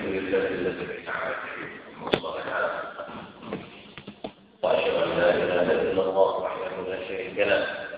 الحمد لله الذي تعالى بنعمته واشهد ان لا اله الا الله وحده لا شريك له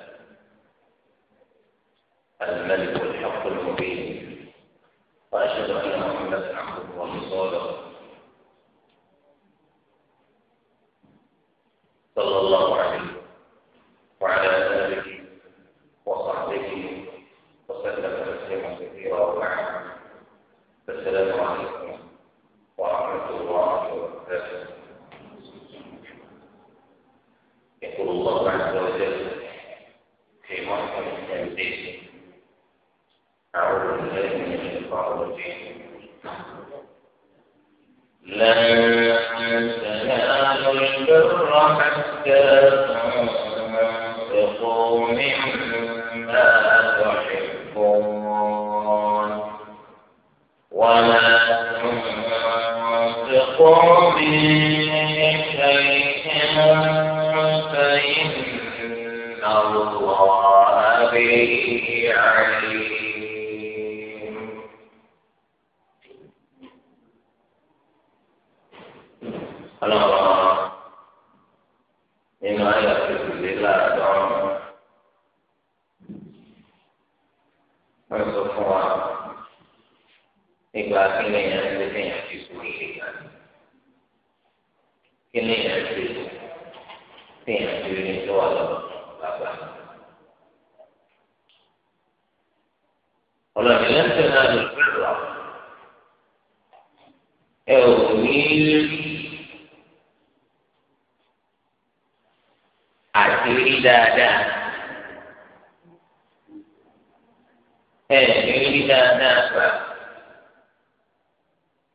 fi rí dáadáa ẹ fi rí dáadáa gbà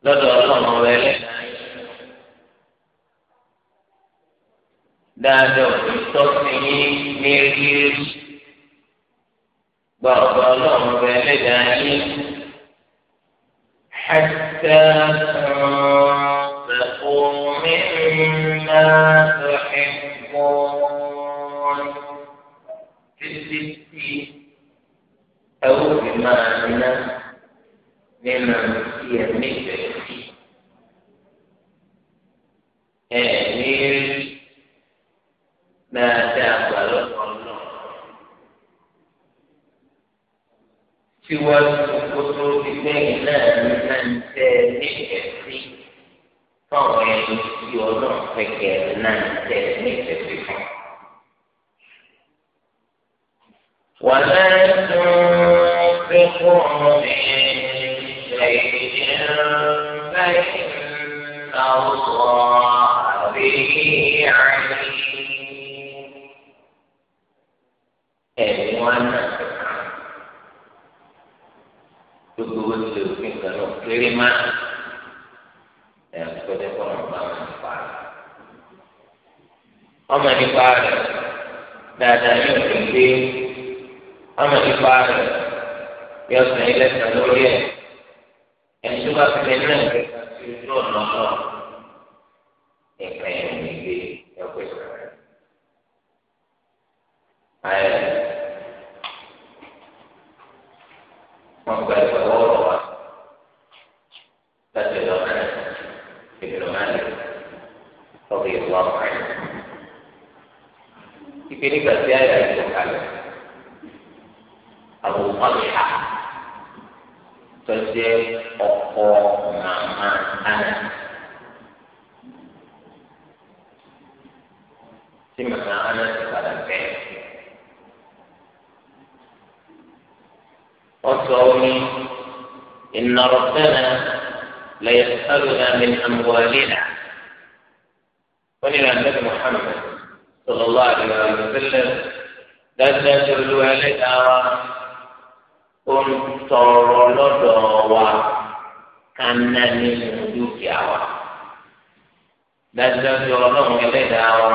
lọ́dọ̀ ọlọ́run ọ̀rọ̀ ẹlẹ́dàá dáadáa ní rírí gba ọ̀dọ̀ ọlọ́run ọ̀rọ̀ ẹlẹ́dàá yín hẹ́tẹ́ ọ̀rọ̀ ẹ̀kọ́ títí tí ẹ ó fi máa ná nínú tí ẹ nífẹ̀ẹ́ sí. ẹ ní rí dáadáa gbà lọ́kàn náà. síwájú kótó ti gbẹ̀yìn náà ní náà ń tẹ nífẹ̀ẹ́ sí fáwọn ẹni tí ọlọ́run fẹ́ náà ń tẹ nífẹ̀ẹ́ sí fún. وما تنفقوا من شيء فإن الله به عليم أيوة gbogbo wo ti lè fi nǹkan náà kéré má ẹ kọjá kọ́ ọ̀nà bá wọn nípa rẹ̀ ọmọ nípa rẹ̀ dáadáa yóò fi gbé ama ipa rẹ̀ yọ sàn ilẹ̀ sàn lórí ẹ̀ ẹni tó bá fi lè náà kẹta sí ojú ọ̀nà náà nǹkan ẹ̀ ní ilé ẹgbẹ́ sàn. ayẹ wọn gba ẹgbẹ́ wọ́ọ̀rọ̀ wa láti lọ náà ìbílẹ̀ máa lè lọ́ọ́ bí ìlú àwọn àyè. ìpínlẹ̀ gbàgbé ayé àti ìkàlẹ̀. أبو طلحة فجاء أخو ماما أنا سمعنا أنا تكلم به وصوني إن ربنا ليسألنا من أموالنا ونرى النبي محمد صلى الله عليه وسلم لا تجعلوا عليها ó ń tọrọ lọ́dọ̀ wa ká ná nínú dúkìá wa. dájúdájú ọlọ́run ẹlẹ́dàá wa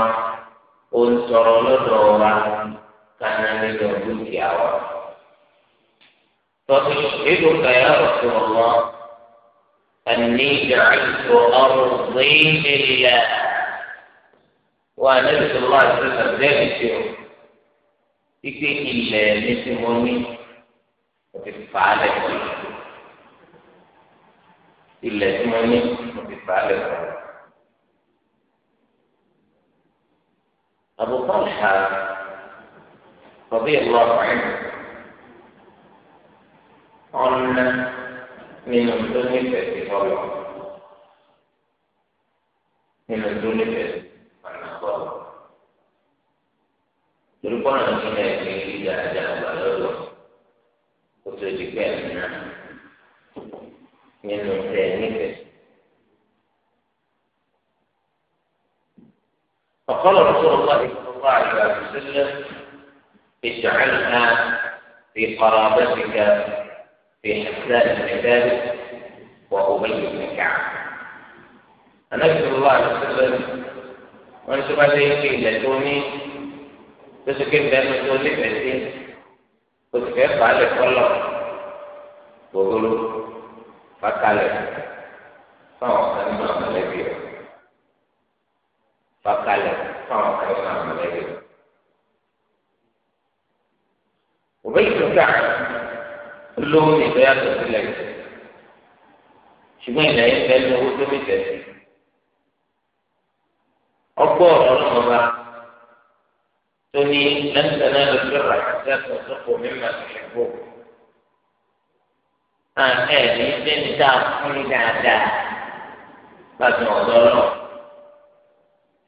ó ń tọrọ lọ́dọ̀ wa ká ná nínú dúkìá wa. tọ́sí ìlú kàyà ọ̀sùn ọ̀wọ́ ẹni ìjàǹtò ọrùn gbéyìí wa ní ìṣòro àti ìṣàdébìtì o. ike ilẹ̀ ní ti mo ní. mo ti fà á lẹ́kọ̀ọ́ ilẹ̀ tí mo ní mo ti fà á lẹ́kọ̀ọ́. أبو طلحة رضي الله عنه قلنا من الدنيا في طلحة من الدنيا في طلحة تلقون من الدنيا في طلحة tó di náà nínú tẹ̀ nífẹ̀ẹ́. فقال رسول الله صلى الله عليه وسلم اجعلها في قرابتك في حساء العباد وأبي بن كعب النبي صلى الله عليه وسلم وأنتم عليه في لتوني تسكن بأنه تولي o sì fẹ́ fà á lẹ̀ kọ́lọ̀ gbogbo fakalẹ̀ fáwọn kan nínú àmọ̀lẹ́bí rẹ̀ fakalẹ̀ fáwọn kan nínú àmọ̀lẹ́bí rẹ̀. òbí ìtúkà olóhùn ìfẹ́ yàtọ̀ sílẹ̀ ṣùgbọ́n ìlẹ̀ yìí fẹ́ lówó tó mi tẹ̀sí ọgbọ́n ọ̀rọ̀ تني لن تنالوا البر حتى تنفقوا مما تحبون أنا أهلي بن دافن دادا بعد ما ضلوا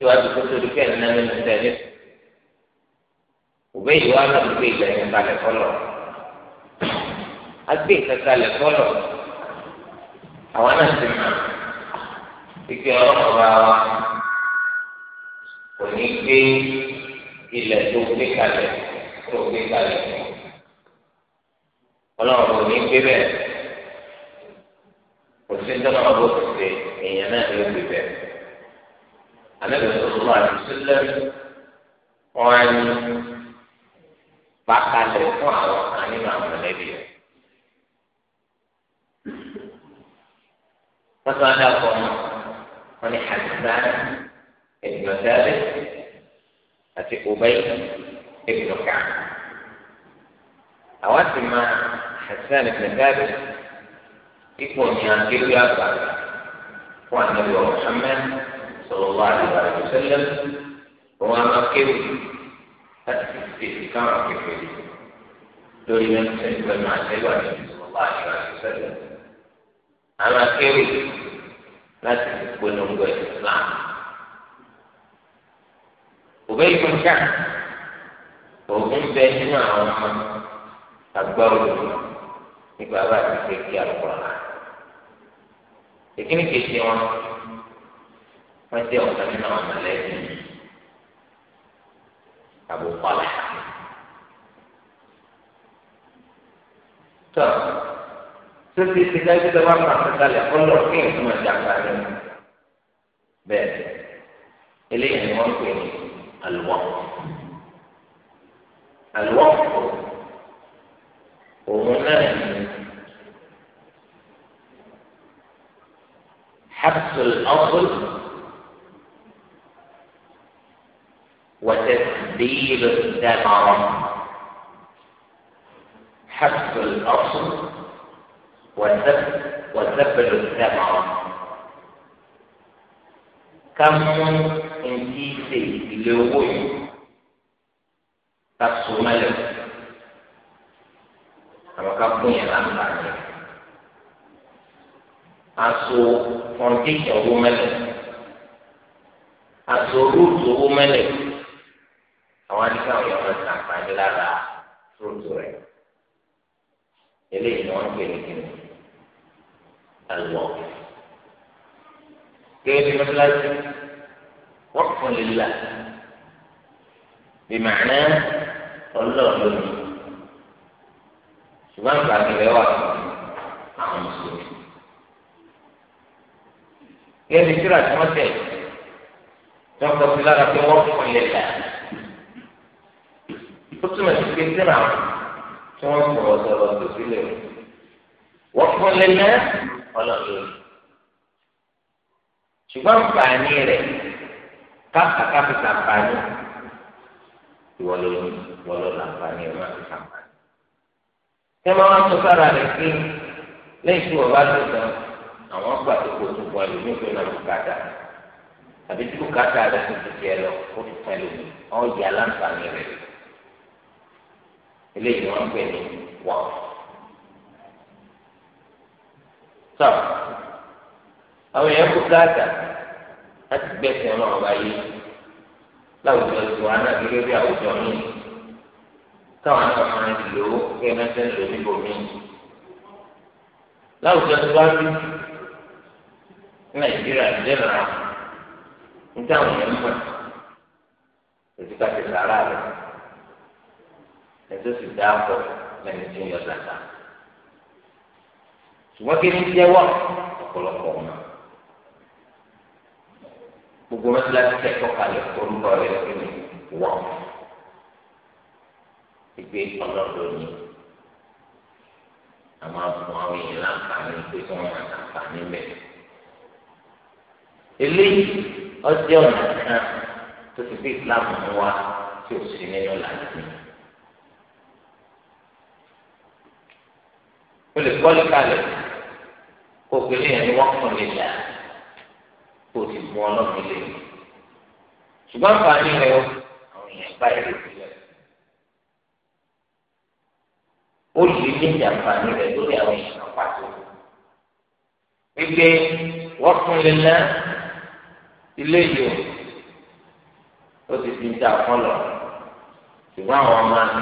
síwájú kó tó dúpẹ́ nínú ẹni ní tẹ̀lé òbí yìí wá lọ gbé ìgbà yẹn balẹ̀ fọlọ̀ agbé ìkàkalẹ̀ fọlọ̀ àwọn náà ti mọ̀ ike ọlọ́mọba wa kò ní gbé ilẹ̀ tó gbé kalẹ̀ tó gbé kalẹ̀ ọlọ́run ò ní gbé bẹ́ẹ̀ kò sí tọ́lá ọ̀bọ̀ tó ṣe èèyàn náà ló gbé bẹ́ẹ̀ àlejò tó tó máa ti sílẹ̀ wọ́n á ní bàkalẹ̀ fún àwọn kan nínú rẹ̀. wọ́n tún á dá ọkọ̀ wọn wọ́n ní àdìsá ẹ̀dùn ọ̀dá àti Ubay ibn Ka'b àwọn sì máa Hasan ibn Thabit ipò ní akéwì àgbà fún Ànábì Muhammad sallallahu alaihi wa sallam òun àwọn akéwì láti fi fi káwọn akéwì lórí mẹsẹ pẹ̀lú àtẹwà ní sallallahu alaihi wa sallam àwọn akéwì láti fi polongo Islam òbẹ́yì fún ṣá òun bẹ nínú àwọn ọmọ àgbà olùkọ́ nípa bá ti fẹ́ kí alùpùpù náà ìkíni kejì wọn wọn jẹ ọ̀kan nínú àwọn mọ̀lẹ́bí àbùkọ́lá tó sọ́sì ti dájú tó wá pàṣẹ kalẹ̀ fọlọ́ kí n fún ọjà kan bẹ́ẹ̀ eléyìí ni wọ́n pè ní. الوقت الوقت هو حبس الأصل وتسبيل الثمرة حبس الأصل وسبل الثمرة كم ẹ̀ńtí ṣe ìdílé owó yìí ká so mẹ́lẹ̀ àwọn ká fún yẹn láǹfààní aso foundation owó mẹ́lẹ̀ aso root owó mẹ́lẹ̀ àwọn adìgbà wọn yọ wọn sàǹfààní lára root rẹ̀ eléyìí ni wọ́n ń pè ní kíni alùpùpù. Gẹ́gẹ́ bí mọ́tíláṣí. وقف لله بمعنى الله لله سبحان بعد الرواية عن المسلمين كيف يصير أتمتع تقف لله في وقف لله ثم تكون سمع ثم تكون سمع وقف لله ولا غيره شو ما فعني káàkiri káàkiri sàǹfààní ìwọ ló ní ìwọ ló làǹfààní ìwọ ló sàǹfààní. ṣé máa wá tó sára rẹ̀ pé lẹ́yìn tí wọ́n bá tó tán àwọn gbà tó kó tó bọ́ ẹlòmíì pé náà bùkátà àbí tí bùkátà rẹ̀ tó ti tiẹ̀ lọ ó ti tẹ̀ lómi ọ̀ yà láǹfààní rẹ̀ eléyìí wọ́n pè ní wọ́n. sọ àwọn èèyàn bùkátà. láti gbẹ̀sẹ̀ ọlọ́run bá yé láwùjọ ìṣòro àná gẹ́gẹ́ àwùjọ mi táwọn náà máa lò ó kí ẹgbẹ́ tẹ́ lò níbò ndị láwùjọ tó bá rí nàìjíríà jẹ́nà ń táwọn èèyàn mọ̀ ètò ká ti sàrà rẹ̀ sì dá pọ̀ gbogbo mẹsàlásì kẹtọ kalẹ orúkọ rẹ kíni wọn ìgbé ọlọdọ ni a máa fún àwọn èèyàn láǹfààní pé kí wọn máa láǹfààní mẹ eléyìí ọjọ́ ọ̀nà kan tó ti fi islam mú wa tí o sì nínú lànà mi. o kalẹ̀ kó gbélé yẹn ni wọ́n fún mi lẹ́yìn ti bu ọlọ́run ilé mi ṣùgbọ́n àǹfààní rẹ o àwọn èèyàn bá èrè sílẹ̀ ó lè méjì àǹfààní rẹ lórí àwọn èèyàn pàtó wípé wọ́n fún lè ná ilé yìí o ó ti fi ń ta àkọlọ ṣùgbọ́n àwọn ọmọ mi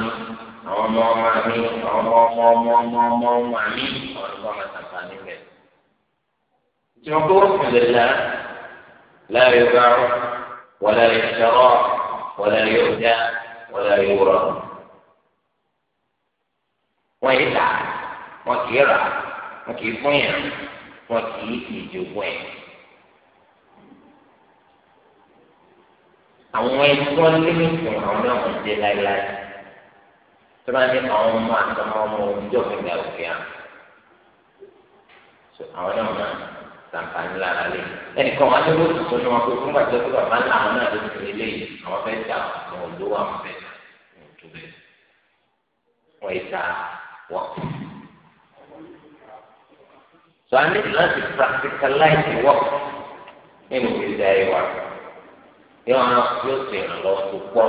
àwọn ọmọ ọmọ mi àwọn ọmọ ọmọ ọmọ ọmọ ọmọ ọmọ mi àwọn ọmọ ọmọ tàǹfààní rẹ ìjọba ó fún lè ná. لا يباع ولا يشترى ولا يؤتى ولا يورى ويدع وكيرع وكيفيع وكيكي جوين àwọn ẹni tó ń lé nìkan àwọn náà ń dé láéláé tó bá ní àwọn ọmọ àtàwọn ọmọ òjò fún ìgbà òkè àwọn náà máa sàǹfààní lára lé ẹnìkan wọn ní lóòtù tó ní wọn pé fún gbàgbé pé bàbá ńlá àwọn náà ló ti fi lé àwọn fẹẹ ta àwọn olówó àwọn fẹẹ ta wọn tó bẹ wọn yìí ta wọn. sọ a ní láti practicalize work nínú ìgbésí ayé wa yóò hàn yóò sì ràn tó pọ̀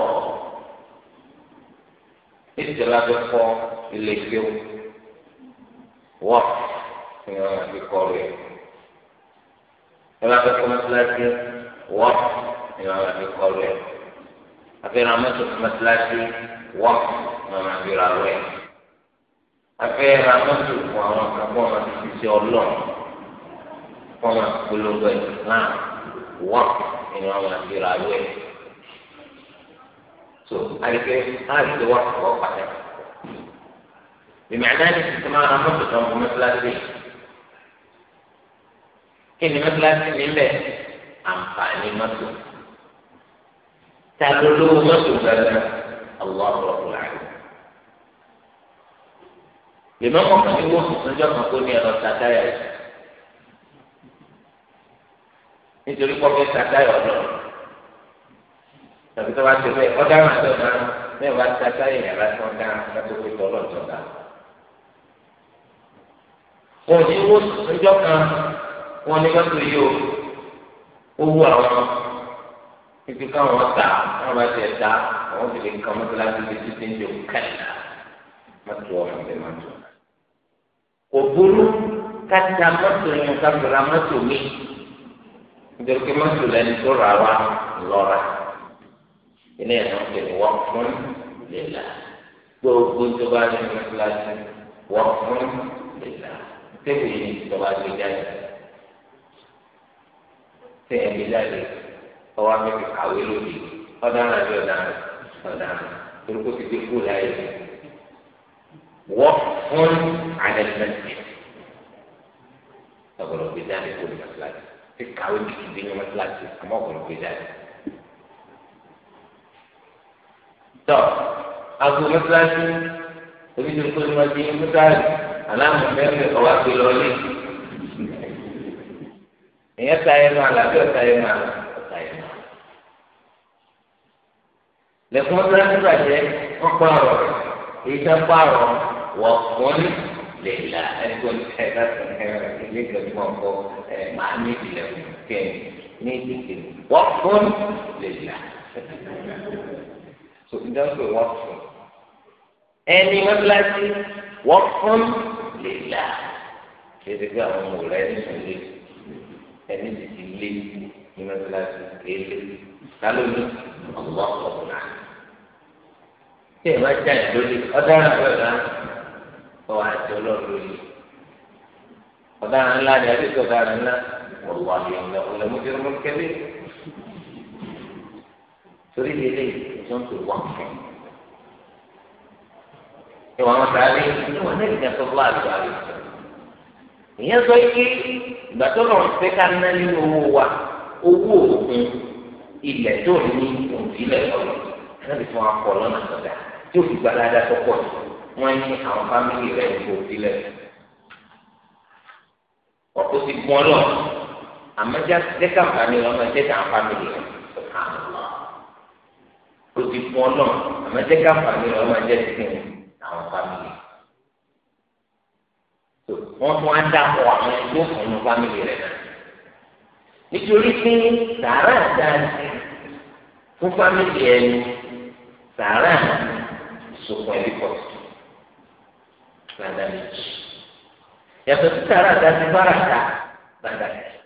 nítorí abẹ kọ ilé kéwù wọ́n fi hàn fi kọ́ rẹ̀ ẹ bá fẹ́ kọ́ mọ́sálásí wọ́n ni wọ́n máa fi kọ́ rẹ̀ àfẹ́ràn mọ́tò mọ́sálásí wọ́n ni wọ́n máa fi ra rẹ̀ àfẹ́ràn mọ́tò fún àwọn akẹ́kọ̀ọ́ máa fi ṣiṣẹ́ ọlọ́run fún àwọn akólógbò Islam wọ́n ni wọ́n máa fi ra rẹ̀ so àyíké àyíké wọ́n kọ́ pàtàkì ìmọ̀ ẹ̀dá ni sísè máa ra mọ́tò tó ń bọ́ kí ni mọ́tíláṣí níbẹ̀ àǹfààní mọ́tò tàbí olówó mọ́tò gbàgbà àwọn ọ̀rọ̀ àrùn. lèmi ọkọ̀ kan ní wọ́n tuntun jọ kan kó ní ẹ̀rọ sàtáyà yìí nítorí pọ́kẹ́ sàtáyà ọ̀dọ́ tàbí tó bá ti bẹ́ẹ̀ ọ̀daràn àti ọ̀daràn bẹ́ẹ̀ bá sàtáyà yìí àbá tí wọ́n dá látó pé tọ́lọ̀ ìjọba. òní wọ́n tuntun jọ kan wọn ní mọ́tò yìí o owó àwọn ibi káwọn ta wọn bá tiẹ̀ ta àwọn ti lè ka mọ́tò láti fi títí ní òun kẹta mọ́tò ọmọ bẹ́ẹ̀ mọ́tò kò burú kájà mọ́tò yẹn ká gbéra mọ́tò mi nítorí pé mọ́tò lẹni tó rà wá lọ́ra ilé ẹ̀ náà kìíní wọ́n fún lèlà gbogbo tó bá ní mọ́tò láti wọ́n fún lèlà tẹ́lẹ̀ yìí tó bá gbé jáde tẹ ẹ̀mí jáde ọwọ́ amẹ́fẹ́ kàwé lóde ọ̀daràn àbí ọ̀daràn ọ̀daràn torúkọ ti dé kúrò láyé wọ́n fún àdẹ́sẹ̀ntì ọ̀gọ̀dọ̀ gbé jáde kúrò ní mọ́tíláṣí ti kàwé kìkì bí ní mọ́tíláṣí àmọ́ ọ̀gọ̀dọ̀ gbé jáde. tọ́ agbo mọ́tíláṣí onídìrí kúrò ní mọ́tíláṣí aláàmú mẹ́rin ọ̀wá gbé lọ èèyàn ta ẹnu àlà bí ọ̀tá ẹnu àlà ọ̀tá ẹnu àlà. lẹ́kùn mọ́sálásí bàjẹ́ wọ́n pààrọ̀ èyí tẹ́ pààrọ̀ wọ̀ fún lè la ẹni tó ń tẹ láti ẹ ilé ìgbẹ́jọ́ ọkọ ẹ máa ní ìlẹ̀kùn kẹ́ẹ̀ ní ìdíje wọ́n fún lè la. so ìjọ ń pè wọ́n fún ẹni mọ́sálásí wọ́n fún lè la. ṣé ti gbé àwọn ọmọ rẹ nínú ilé ẹni sì ti lé ní mẹsàlásì kéèlé lálóbi ọgbà ọgbà náà tí ẹ máa jáde lórí ọ̀daràn ọgbà ọ àti Ọlọ́run lórí ọ̀daràn ńlá ni àbí ọ̀daràn ńlá wọlúwà ni ọmọ ọmọ ọmọ ọmọ kẹlẹ torí lélẹ̀ ìjọ ń pè wá fún ìwà wọn sáré ìwà náà ìjà sọ fún àlùfáà rẹ ìyẹn sọ ike ìgbà tó lọ fẹ́ ká ná nínú owó wa owó òkun ilẹ̀ tó ní òǹfilẹ̀ lọ́wọ́ náà ti fún wa kọ́ lọ́nà sọ̀dá tí ó fi gba dáadáa tó pọ̀ jù wọ́n ní àwọn fámìlì rẹ̀ ní òǹfilẹ̀ ọ̀pọ̀ ti gbọ́n lọ àmọ́ jẹ́ká fàmì lọ́nà jẹ́ká fámìlì rẹ̀ ó ti gbọ́n lọ àmọ́ jẹ́ká fàmì lọ́nà jẹ́ká fámìlì rẹ̀ wọ́n tún á dàpọ̀ àwọn ẹgbẹ́ òkùnrin fámìlì rẹ̀ náà nítorí pé sàárà dáadé fún fámìlì ẹni sàárà ìsopọ̀ ẹbí pọ̀ sí gbàdá méjì yàtọ̀ sí sàárà dáadé bára ta gbàdá méjì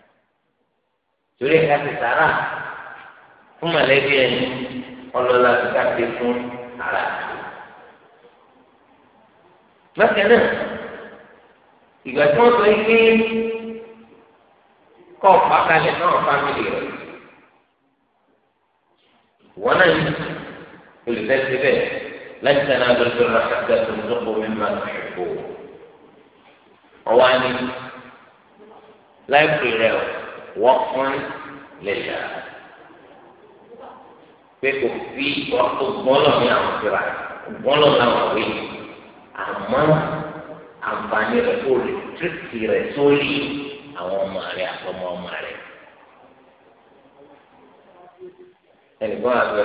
torí ẹ̀ka ti sàárà fún mọ̀lẹ́bí ẹni ọlọ́lá ti ká pé fún ara. bákan náà ìgbà tí wọ́n sọ yìí pé kọ́ pàkàlẹ̀ náà fámìlì rẹ̀ wọ́n náà yìí olùfẹ́ ti bẹ̀ láti sẹ́ni agbẹ́sọ̀ rẹ̀ àti àtúntò mi máa ń ṣòfò ọwọ́ ni láìpẹ́ rẹ̀ wọ́n fún lẹ́yà pé kò fi ọ̀gbọ́n lọ́mí àwọn fìlà ọ̀gbọ́n lọ́mí àwọn wí àmọ́ àǹfààní rẹ̀ kó rìsíkì rẹ̀ sórí àwọn ọmọ rẹ̀ àtọmọ ọmọ rẹ̀. ẹnìkan àbẹ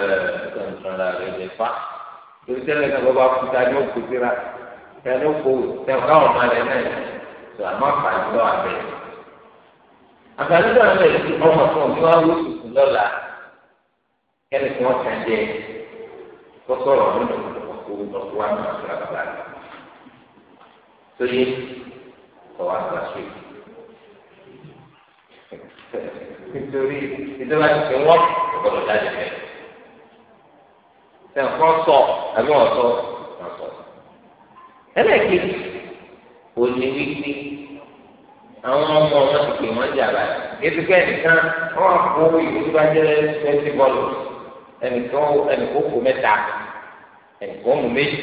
ẹnìkan ra rẹ̀ lè fa torí tẹ́lẹ̀ náà bọ́ bá kú ta ni ó kú síra ta ni ó kó tẹ káwọn ọmọ rẹ̀ náà tó àmọ́ àǹfààní lọ àbẹ̀. àǹfààní lọ àbẹ̀ ti ọmọ fún mi wá wó tutù lọ́la kẹ́ni tí wọ́n ti jẹ kó sọ̀rọ̀ nínú sóyè ọmọ wọn ti pè wọ́n jà báyìí ètùkọ́ ẹnìkan wọ́n kó ìwé tó bá jẹ́ fẹ́ntì bọ́ọ̀lù ẹnìkan ẹnìkan kó ẹnìkan mú méjì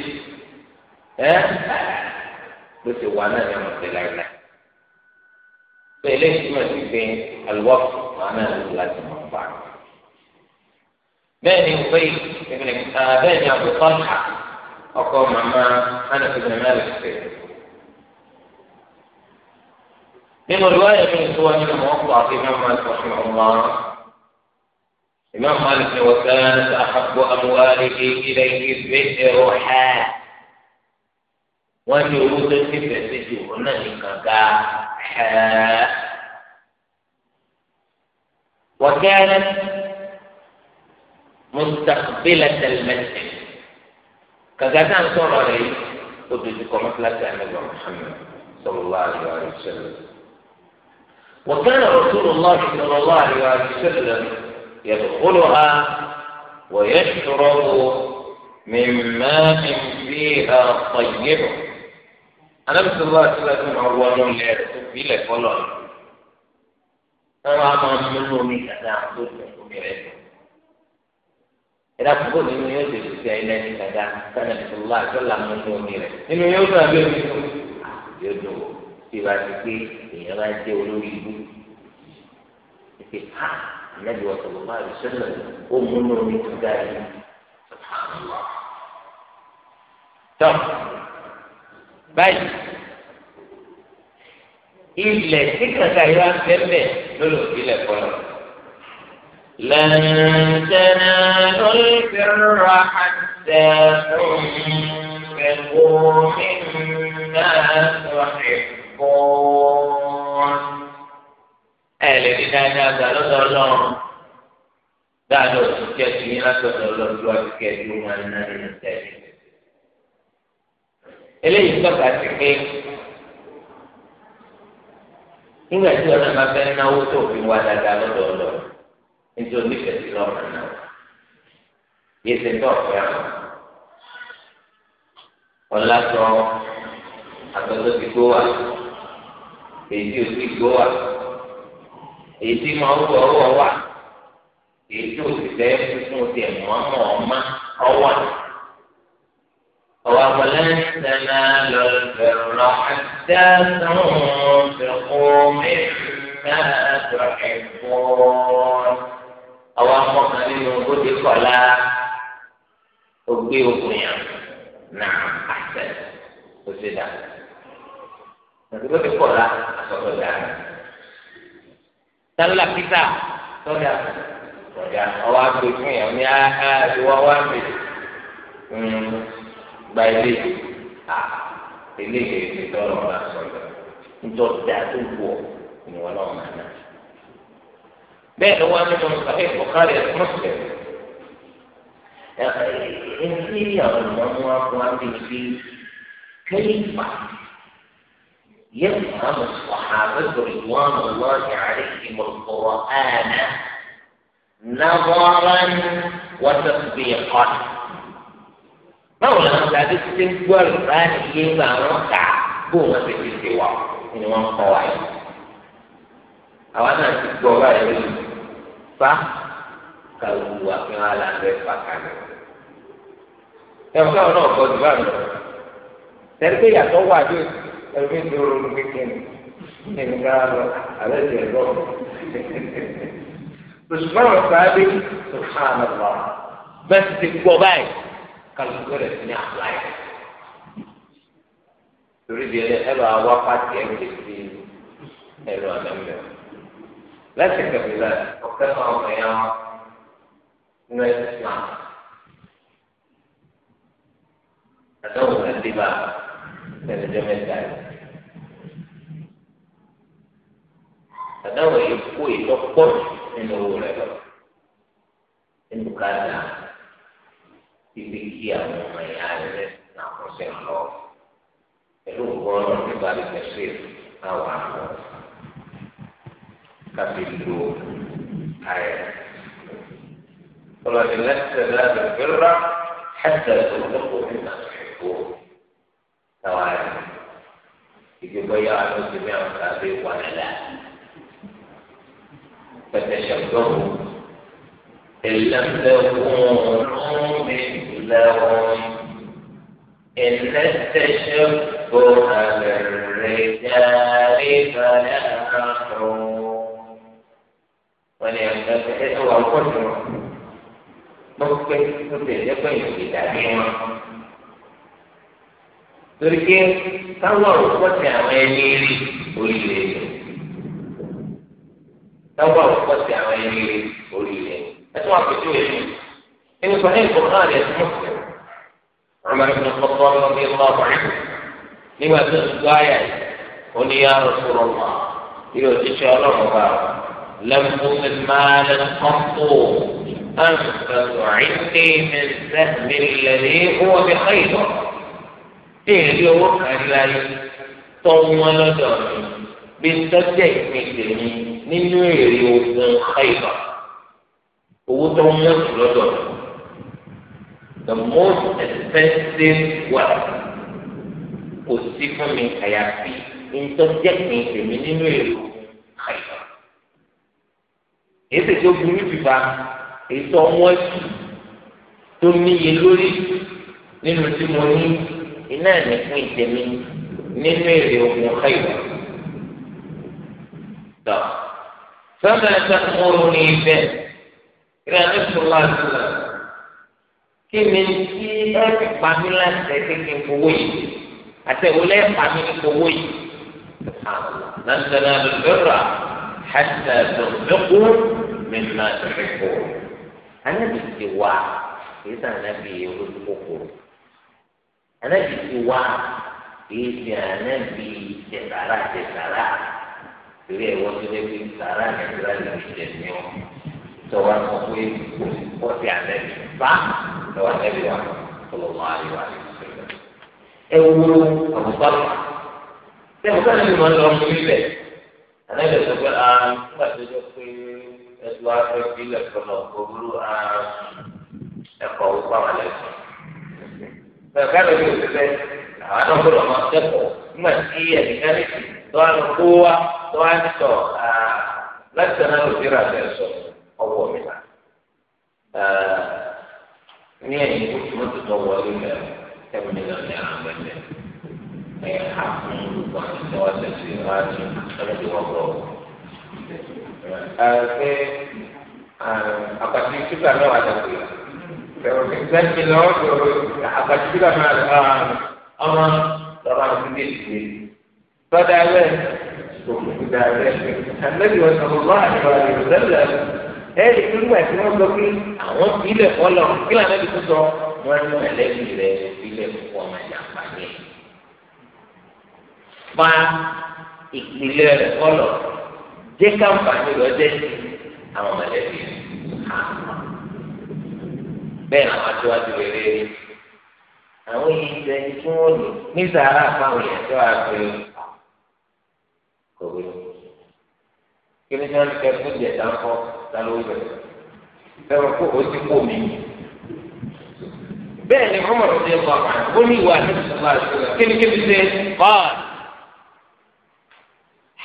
ẹ́ ló ti wà náà ní ọmọ ìpè láìláì tó eléyìí túmọ̀ sí pé alùwọ́pù wọn náà lò láti mọ̀ nípa rẹ̀ bẹ́ẹ̀ ni omo ipe lailai to eleyii tumo si pe alupapu bẹ́ẹ̀ ni àbùkọ́ ta ọkọ màmá ánàfíìsì mẹ́rin ṣe nínú olùwáyà mi tó wá nínú ọkọ̀ àti mọ́mọ́ àtọ̀fún ọmọ ìmọ̀ mọ́lẹ̀ ni wọ́n sẹ́yìn àti àkàbọ̀ àmúwárí ilé ìgbésẹ̀ rọ̀ hẹ́ẹ́. wọ́n ní owó tó ti fẹsẹ ju òun náà ní kàga ẹẹ wọkẹrẹ mustaqbila tẹlifẹsẹ kàga ń sọ̀rọ̀ rẹ̀ o dojú kọ mọsálásí anagba muhammed sallallahu alaihi wa sallam وكان رسول الله صلى الله عليه وسلم يدخلها ويشرب من ماء فيها طيب anabi sọlá sọlá tó máa wọ ọdún lẹ rẹ tó fi ilẹ̀ fọlọ́ ni wọn á máa mú inú omi kàdá tó dùn omi rẹ dùn ìdá púpọ̀ nínú yóò ṣe ṣe ṣe ilẹ̀ ní kàdá sanabi sọlá sọlá mú inú omi rẹ inú yóò dùn àbí omi dùn ah, yóò dùn o tí ìbá ti pé èèyàn bá jẹ́ olórí ìlú ìpè ha anabi wọ sọlá máa rí sọlá ó mú inú omi kàdá yìí sọlá báyìí ilẹ̀ tí kàkà yóò á tẹ́lẹ̀ lórí òbílẹ̀ fọlọ́. لن تنالوا البر حتى تنفقوا مما تحبون ẹ̀lẹ́ ní dáadáa gbà lọ́dọ̀ ọlọ́run dáadáa òtún kẹ́ẹ̀tì yín látọ̀dọ̀ ọlọ́run tó wá sí kẹ́ẹ̀tì wọn náà nínú tẹ̀lé eléyìí tọ́ka sí pé nígbà tí ọ̀nà máa fẹ́ náwó tó fi wá dáadáa lọ́dọọdọ nítorí onífẹ̀ẹ́ sí lọ́ọ̀mà náà yé ṣe tó ọ̀fẹ́ àwọn ọ̀la sọ àtọ́tọ́ ti gbó wà èyí tí o ti gbó wà èyí tí máa ń wọ ọwọ́ wà èyí tí o sì fẹ́ fún ti ẹ̀ mọ́ ọmọ ọmọ ọwọ́ àti. لن تنالوا البر حتى تنفقوا مما تحبون أو أمك من وجود صلاة أبيكم يا نعم أحسن وزيدا وجود صلاة أصدق tala kita sọdà sọdà ọwọ agbèfún yẹn ní àá ìwọ wá mi gba ilé yìí. à eléyìí ti tọ́lọ̀ bá sọ̀rọ̀ níjọ́ da tó wọ̀ ìwọ náà máa nà. bẹ́ẹ̀ ló wá nínú sàfẹ́ ìfọ̀kárẹ̀ mọ́sẹ̀ ẹ̀ẹ́dì àwọn ìmọ̀mú afọ́n àbẹ̀bí kẹ́lífà يفهم الصحابة رضوان الله عليهم القرآن نظرا وتطبيقا báwo la ti adé ti ṣe ń gbọ́ àlùbáàdì yé ńlá wọn kà bó wọn ti ti ti wà ni wọn kọ́ wa yìí. àwa náà ti gbọ́ báyìí lórí fa kàlù wà fún wa là ń bẹ fà kàlù. káwọn náà kọ́ ju báyìí lọ. tẹ̀lé yàtọ̀ wà ju ẹ̀rọ ti ronú kékeré ní ẹ̀mí ká lọ alẹ́ ti ẹ̀rọ. lùsùmọ́ àwọn sáà dé sùn fún àná bẹ́ẹ̀ ti ti gbọ́ báyìí kálukú rẹ̀ sí ní àpláì torí di ẹni ẹ̀rọ àwa pàtì ẹ̀rọ lè fi ẹ̀rọ àdámẹ́ lẹ́sẹ̀ kẹfìlẹ̀ ọ̀kẹ́ máa wọ̀ ẹ̀yà nínú ẹ̀sìn náà àdáwò rẹ̀ dé bá ẹ̀rọ jẹ́ mẹ́ta yìí. àdáwò yìí kó ìtọ́pọ̀ nínú owó rẹ̀ lọ nínú káàdà. ibi kí àwọn ọmọ ìyá rẹ làwọn ṣe ń lọ pẹ̀lú ọgọ́rùn nípa ìfẹsẹ àwọn àgbọ káfí lu ayẹ ọlọdì lẹsẹ lẹsẹ fẹrẹ ẹsẹ ìlọpọ nígbà tó táwa rẹ ìdìbò yà wà lóṣù mẹ́wàá tàbí wàhálà pẹtẹsẹ gbọmọ. إن لم تكونوا مثلهم إن التشبه بالرجال فنحن وليمتلك هو القدرة ممكن تتجبن بدعوة toríké táwọn òkúta àwọn ẹni rí oríire táwọn òkúta àwọn ẹni rí oríire ẹtún àpèjú èyí ẹni sọ ẹni kò hàn ẹtún mọsẹ ọmọdé fún ọkọ tó ọmọ bíi ọmọ ọmọ ẹkọ nígbà tó ń gbọ́ àyà yìí ó ní yà rọ sọ̀rọ̀ wà ilé òṣìṣẹ́ ọlọ́run bá lẹmú mi máa lẹ kọpọ àǹfààní àìní mi sẹ mi lẹ ní owó mi káyìí lọ bí èyí owó kárí láyé tó wọn lọ́dọ̀ mi bí sọjẹ ìpín tèmi nínú èrè ogun káyìí lọ owó tó ń mú jù lọ́dọ̀ the most expensive one kò sí fún mi àyàfi ìtọ́jẹ́pin tèmi nínú èrò àyà èyí tètè ó burú jù bá èyí tó ń wọ́n jù tó níye lórí nínú tí mo ní iná ẹ̀ nìkan ìtẹ̀mí nínú èrè ogun kẹwàá. Tọ́ sọ́dọ̀ ẹ̀sán mú ní bẹ́ẹ̀. ìrìn àjò sọlá sílẹ̀ kí ni tí ẹ fi pa mí láti ẹ kí n fowó yìí àtẹwò lẹ pa mí ní fowó yìí nàìjíríà ló lọ́ra hàtà tòmíkù mímà tòmíkù anábì ti wá kì í sàn anábì olùkókòrò anábì ti wá kì í sàn anábì tẹ̀sára tẹ̀sára torí ẹ̀wọ́n tó lé fi sàrà nàìjíríà lè fi tẹ̀ ní ọ́. tọwọ sọ pé pọtì ànẹbì bá lọ́wọ́ ànẹbì wà lọ́wọ́ àríwá ẹ wo àbùkálù ṣé àbùkálù mi máa ń lọ ọmọ mi bẹ ànẹbì sọ pé à ń gbàdúrà pé ẹtù afẹ ìbílẹ̀ kọlọ òwúrú ah, ẹ̀kọ́ òwúrú àwọn ẹlẹ́sìn bẹ́ẹ̀ bẹ́ẹ̀ lórí òṣìṣẹ́ àwọn náà gbọ́dọ̀ máa kẹ́kọ̀ọ́ nígbà tí ẹnìkan ní tọ́ àlùkò wa tọ́ àtìkọ ah, láti tẹ̀lé òṣìṣẹ́ rà bẹ́ẹ̀ sọ̀rọ̀ ọwọ́ mi là ní ẹ̀yìn tó tún tó tọ́ wọlé mẹ́ ten million naira mẹ́lẹ̀ ẹ̀ á fún olùkọ́ àti ìjọba tẹ̀sí ìwádìí ọlọ́dẹ wọ́n bọ̀ ẹ̀ ṣe àpàtì ṣúgà náà wà lọ́kùn yà ẹ̀rọ ní ten million ọ̀dọ̀ àpàtì ṣúgà náà ọmọ lọ́ba ọdún dé ìdílé tọ́da ẹ̀rẹ́ tòkùtù dà ẹ̀rẹ́ àlẹ́ ìwọ̀n sọ̀rọ̀ bá àjọ àyè ẹ̀rí irú ẹ̀ tí wọ́n sọ pé àwọn ìpìlẹ̀ fọlọ̀ ìpìlẹ̀ náà ti tún sọ wọ́n ní ẹlẹ́bi rẹ̀ ìpìlẹ̀ púpọ̀ máa yà pa ní. fa ìpìlẹ̀ rẹ̀ fọlọ̀ jẹ́ káǹfààní rẹ̀ jẹ́ àwọn mọ̀lẹ́bí rẹ̀ bẹ́ẹ̀ ni àwọn aṣíwájú rere rí àwọn yìí jẹ́ ẹni tí wọ́n lò ní sàárà fáwọn èèyàn tó wàá pé kòwé kí ni sọ́ni kẹ́kọ̀ọ́ jẹ̀ dáńkọ́. ta ló wẹ̀ ẹ̀rọ kó o ti kó mi. bẹ́ẹ̀ ni ọmọ rẹ̀ ṣe wà ó ní ìwà ní ìṣọ̀lá kébíkébí ṣe kọ́ọ̀d.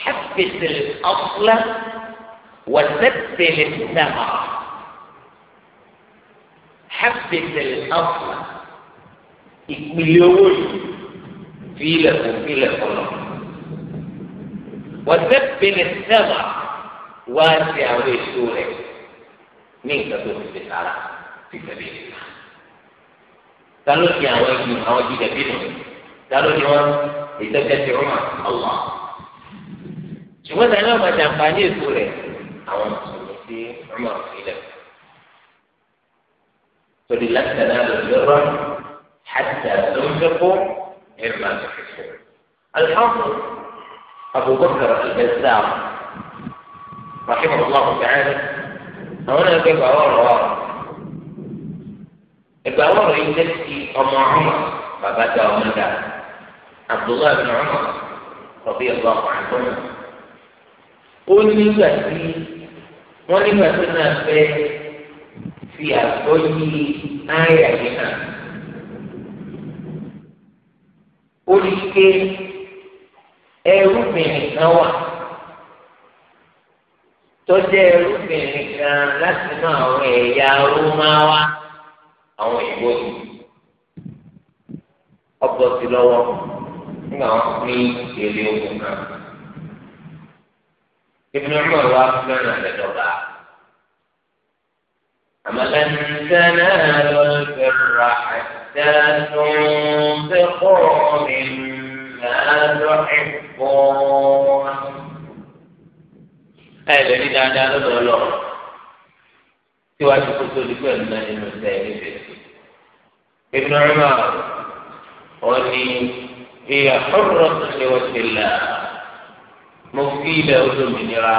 حبس الأصل وسبل الثمرة حبس الأصل إكمليون في لكم في لكم وسبل sẹmà. wá sí àwọn èso rẹ̀ ní nǹkan tó ti fi sára ti tẹ̀lé ìlà. ta ló ní àwọn igi àwọn igi dẹ̀bí nù ta ló ní wọn ìtẹ́jẹ́ ti rúmà ọ̀wọ́. ṣùgbọ́n tani wọn máa jàǹfààní èso rẹ̀ àwọn mùsùlùmí sí rúmà òfìlẹ̀. torí láti tẹ̀lé àlọ́ lọ́rọ́ حتى تنفقوا مما تحبون الحافظ أبو بكر الجزار رحمه الله تعالى هنا كيف أورى إبوار ينسي أم عمر فبدا ومدى عبد الله بن عمر رضي الله عنهما قل لي بسي ولما كنا في أبوي آية هنا قل لي ẹrú mi nìkan wà tọ́jẹ́ irúgbìn kan láti mú àwọn ẹ̀yà rúmáwá àwọn ìbò yìí ọbọ̀ sí lọ́wọ́ nígbà wọn pín èrè ogun kan. Ibùdó ọmọ ìwà fúlọ́nà rẹ̀ dọ̀gba. أملن تنالوا البر حتى تنفقوا مما تحبون ẹ lè rí dáadáa lọ́dọ̀ lọ síwájú kó tó di pẹ̀lú náà nínú ìta ẹ̀ níbẹ̀. Ibn Umar wọn ni ìyá ọ̀rọ̀ tó ṣe wọ́n ti là mo fi ilẹ̀ olómìnira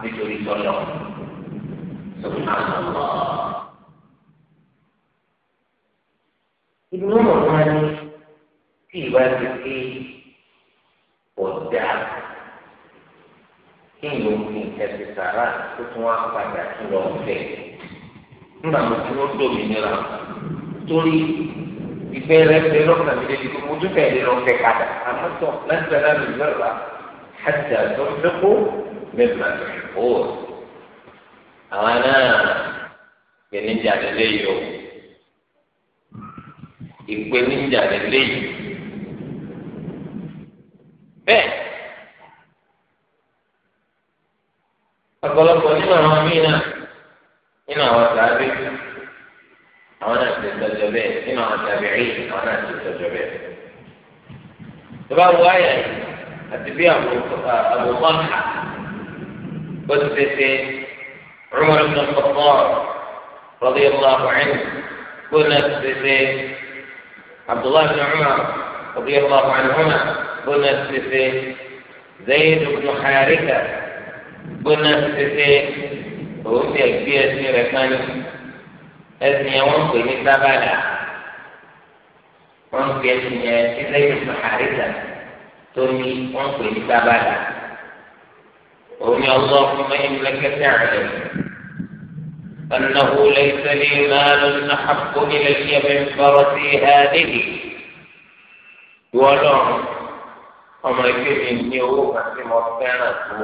nítorí tọ́lọ̀. Ibn Umar ni tí ìwádìí ọ̀dà kí n ló ń fi ẹsẹ̀ sàrà tó tún wá padà tún lọ fẹ́ nígbà mo tún ó dòmìnira torí ìfẹ́ rẹ fẹ́ lọ́kàn mi débi mo tún fẹ́ lé lọ fẹ́ padà àmọ́ tọ̀ láti bẹ̀rẹ̀ mi lọ́la àti àtọ́ fẹ́kọ́ mẹ́fà ó àwọn náà ìpèníjà lélẹ́yìí o ìpèníjà lélẹ́yìí. ọ̀pọ̀lọpọ̀ nínú àwọn míì náà nínú àwọn sàábì àwọn náà ti tọ́jọ́ bẹ́ẹ̀ nínú àwọn sàábì rí àwọn náà ti tọ́jọ́ bẹ́ẹ̀. tó bá wọ àyà yìí àti bí àbùkọ́ ká bó ti tètè Umar ibn al-Khattab radiyallahu anhu bó náà ti tètè Abdullah ibn Umar radiyallahu anhuma bó náà ti tètè Zayd ibn Haritha. gbóná tètè òun ti ẹgbẹ ẹsìn rẹ kan ní ẹsìn yẹn wọn pè ní sábàdà wọn pè ẹsìn yẹn títẹ yìí sàárìtà tó ní wọn pè ní sábàdà òun ni ọlọ́ fún mi ní àrẹ أنه ليس لي مال أحب إلي من فرسي هذه ولو ọmọ ẹgbẹ́ mi ní owó kan tí mo fẹ́ràn tó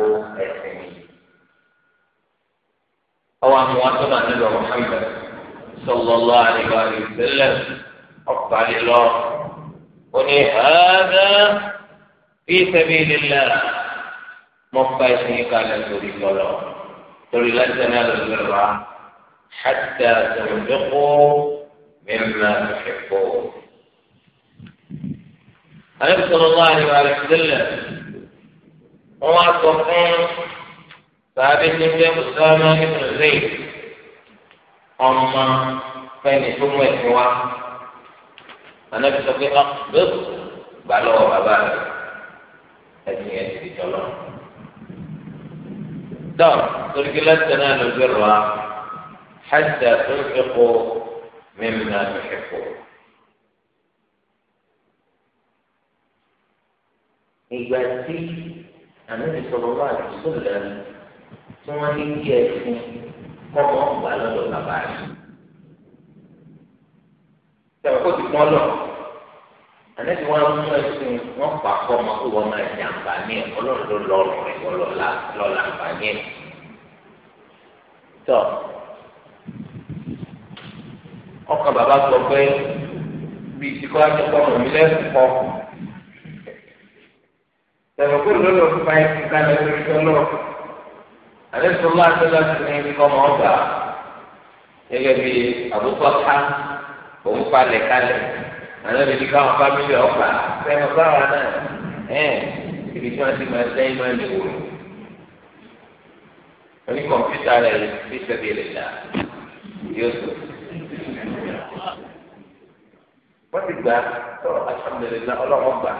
ẹ̀sìn mi. ọwọ́ àwọn atọ́nà nílò Muhammad sọlọ́lá àdìgbà ìbílẹ̀ ọ̀pàlẹ́ lọ. ó ní ẹ̀ẹ́dẹ́ hàdá fi sabilillah mo fa ẹ̀sìn yìí kalẹ̀ torí lọ́lọ́ torí lẹ́sẹ̀ náà ló lè ra hatta tunfiqu mimma tuhibbu. أذكر الله عليه وسلم وما تقول فأبي النبي أسامة بن زيد أما فإن ثم هو أنا بسبب أقبض بعلو أبادا أجني أجري جلال دار ترك لدنا نزرها حتى تنفقوا مما تحبون ìgbà tí àmì sọ̀rọ̀ wà lọ́sọ̀lẹ̀ tí wọ́n ní kí ẹ fún kọ́mọ ọ̀gbà lọ́dọ̀ bàbá rẹ̀. Ṣé o ti pọ́n lọ? Àmì tí wọ́n mú ẹ̀sìn wọ́n pa kọ́ ọmọ kó wọ́n máa jẹ àǹfààní ẹ̀ ọlọ́run ló lọ́rùn rẹ̀ lọ́la àǹfààní ẹ̀. Tọ́ ọkàn bàbá sọ pé bí ìsìnkú ajẹ́kọ̀ọ́ mọ̀ mí lẹ́sìn kọ́ tẹ̀wọ̀kú ló lọ fún báyìí fún kálẹ̀ lórí tọ́lọ́ àdéhùnmá tọ́lá ti ní ibi kọ́mọ ọgbà gẹ́gẹ́ bí àbúkọ́ ká òun palẹ̀ kálẹ̀ àlọ́bí ní káwọn fámìlì ọgbà fẹ́ràn báwa náà ẹ̀ ibi tí wọ́n ti máa sẹ́yìn máa ní wòlò oní kọ̀mpútà rẹ̀ ti sẹ́bi lè dà yóò sọ. wọ́n ti gbà tọ́ àṣàmìlẹ̀ náà ọlọ́wọ́ gbà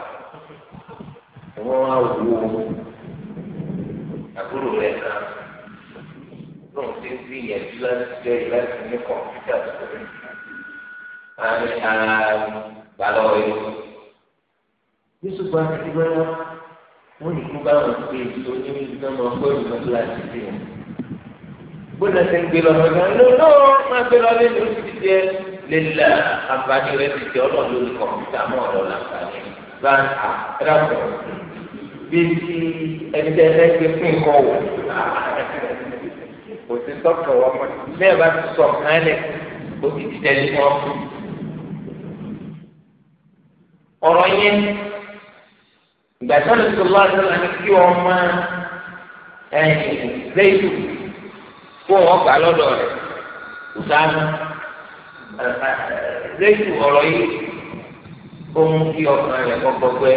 wọ́n wá wo àbúrò rẹ̀ kan lóun ti ń gbìyànjú láti jẹ́ ìlànà ní kọ̀m̀pútà tó ń àmì àgbàlọ́ yìí. Yusuf bá ti di báyọ̀ wọ́n ní kó bá wọn pé èso ní ìdílé ọmọ ọgbọ́n ìlú láti dé wọn. Bóyá ṣe ń gbé lọ lọ́dọ̀ ló ló máa gbé lọ lẹ́nu oṣù ti jẹ lẹ́la àǹfààní rẹ̀ ti jẹ́ ọlọ́ọ̀lù ní kọ̀m̀pútà mọ́ ọ̀dọ́ làǹfààní. Báńkà ẹ̀dá bí ti ẹ̀jẹ̀ ẹ̀jẹ̀ pín kọ́ wò kò sí sọ́kàn wọn mọ́ bẹ́ẹ̀ bá ti sọ kàn lẹ̀ kó ti ti tẹ̀lé wọn fún ọ̀rọ̀ yẹn ìgbà tí wọ́n ti lọ́wọ́ àti lọ́wọ́ kí wọ́n máa ẹ̀yìn kó wọ́n gbà lọ́dọ̀ rẹ̀ kò sáánú lẹ́yìn ọ̀rọ̀ yìí kó mú kí ọkàn rẹ̀ kọ́ gbọ́gbẹ́.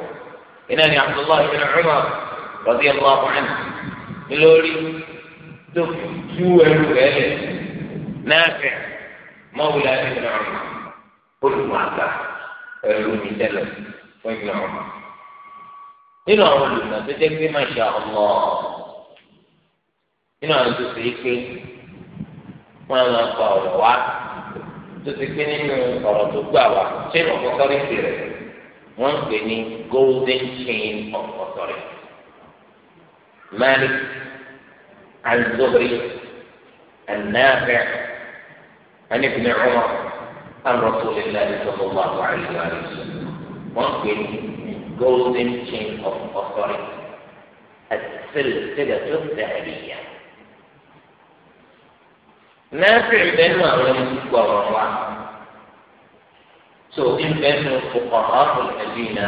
iná ni abdullahi bin umar radiyallahu anhu lórí tó tú ẹrú rẹ̀ lẹ̀ Nafi' mawla ibn umar olùmọ̀ àgbà ẹrú mi tẹ́lẹ̀ fún ibn umar nínú àwọn olùmọ̀ tó jẹ́ pé masha Allah nínú àwọn tó ṣe é pé wọn á máa fa ọ̀rọ̀ wá tó ti pé nínú ọ̀rọ̀ tó gbà wá ṣé ìmọ̀ kọ́kọ́ rí tirẹ̀. wọ́n pè ní golden chain of authority Malik al-Zuhri al-Nafi' an ibn Umar an Rasulillah sallallahu wa sallam wọ́n pè ní golden chain of authority السلسلة الذهبية نافع بين معلم القرآن so ìfẹ́nu fuqaha'ul Madina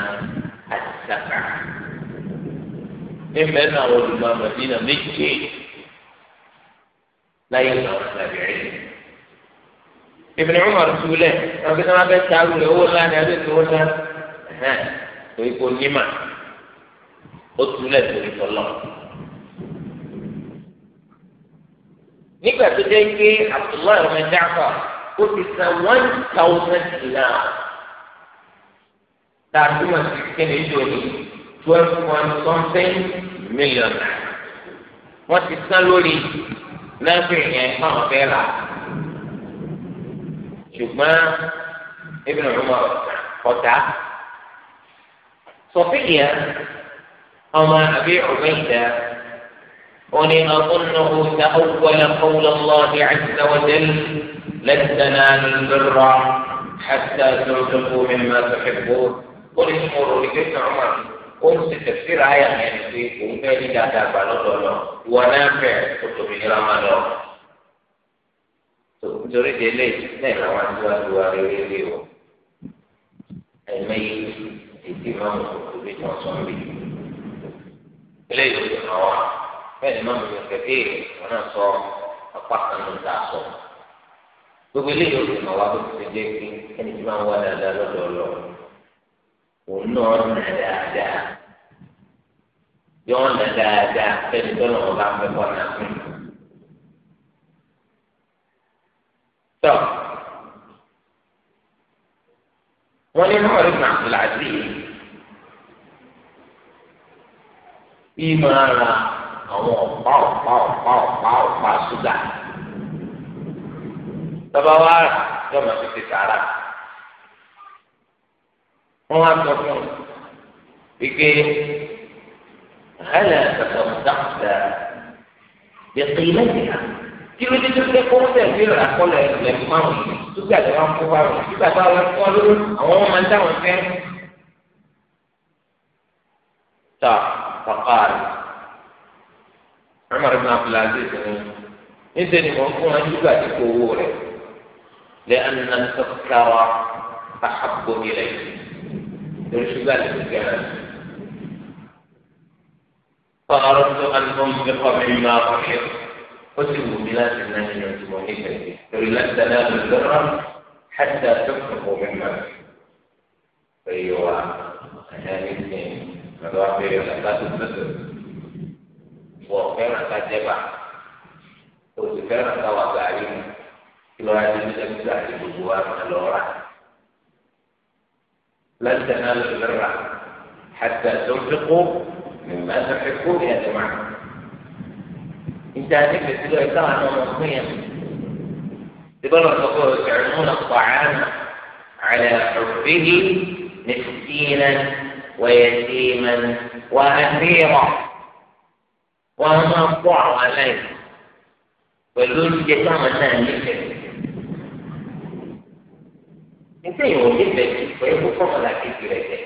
àtìsàkà ìfẹ́nu àwọn olùmọ̀ Madina méje láyé àwọn sàbẹ̀rẹ̀ Ibn Umar túlẹ̀ àwọn kí wọ́n bẹ sàrù rẹ̀ owó ńlá ni àbí ìnáwó ńlá torí kò nímà ó túlẹ̀ torí tọ́lọ́. nígbà tó dé pé Abdullahi ọmọ ẹ̀dá kan ó ti san one thousand dinar tààtú ma ti kéde lónìí twelve point something million wọ́n ti san lórí náírà yẹn fáwọn fẹ́ rà ṣùgbọ́n Ibn Umar ọ̀tá Sufyan ọmọ Abi Ubaydah ó ní ọkùnrin náà ó ta ó wọlé qawla Allah azza wa jalla. لن تنالوا البر حتى تنفقوا مما تحبون قل اشكروا لكيف عمر قل تفسير آية يعني في ومبالي لا دابا لولو ونافع كتب الإمام لولو nítorí délé náà làwọn aṣáájú wa rere lé o ẹ̀mẹ́yì èdè máa mú kókó bí wọ́n sọ mí. ilé ìwé ìrànwọ́ bẹ́ẹ̀ ni máa mú mi kẹ́kẹ́ wọn náà sọ apá kan ló ń ta sọ gbogbo eléyìí ó fi mọ̀ wá bó ti jẹ́ pé ẹni tí máa ń wá dáadáa lọ́dọ̀ lọ òun náà nà dáadáa yọ nà dáadáa fẹ́ni tọ́nà wọn bá fẹ́ kọ́ nà fún un. tọ́ wọ́n ní mọ́ọ̀lù màkìláàsì yìí máa ra àwọn ọ̀pá ọ̀pá ọ̀pá ọ̀pá ṣúgà tọ́ba wa rà yóò máa fi ti sàrà wọ́n á sọ fún un wípé hàlẹ́ àtàkùn dáhùdà bẹ̀rẹ̀ ilé ìyá kí ló dé tó dé kó wọ́n tẹ̀lé ìlú àkọlẹ̀ ìlẹ̀ márùn nígbà tí wọ́n kó márùn nígbà tí wọ́n kọ́ lórí àwọn ọmọ ń dáhùn fẹ́. tọ́ fọ́kàrì Umar ibn Abdul Aziz ní ni mò ń fún wọn nígbà tí kò owó rẹ̀. لأن الفقر أحب إليه الجبال الجمال فأردت أن أنفق مما أحب قسموا بلا سنان يعتموني فيه قل لن تنالوا حتى تنفقوا مما أيوة أنا الاثنين هذا في لا تثبت وكان قد يبع وكان قد يواجه الشمس في الجوار الأوراق لن تنالوا البر حتى تنفقوا مما تحبون يا جماعة انت هتكتب في ذلك طبعا مصنيا تبرر تقول يطعمون الطعام على حبه مسكينا ويتيما وأسيرا وهم الضعف عليه pẹ̀lú oúnjẹ táwọn náà nífẹ̀ẹ́ nítorí ìwọ nífẹ̀ẹ́ sí pé kó kọ́mọlá kejì rẹ̀ jẹ́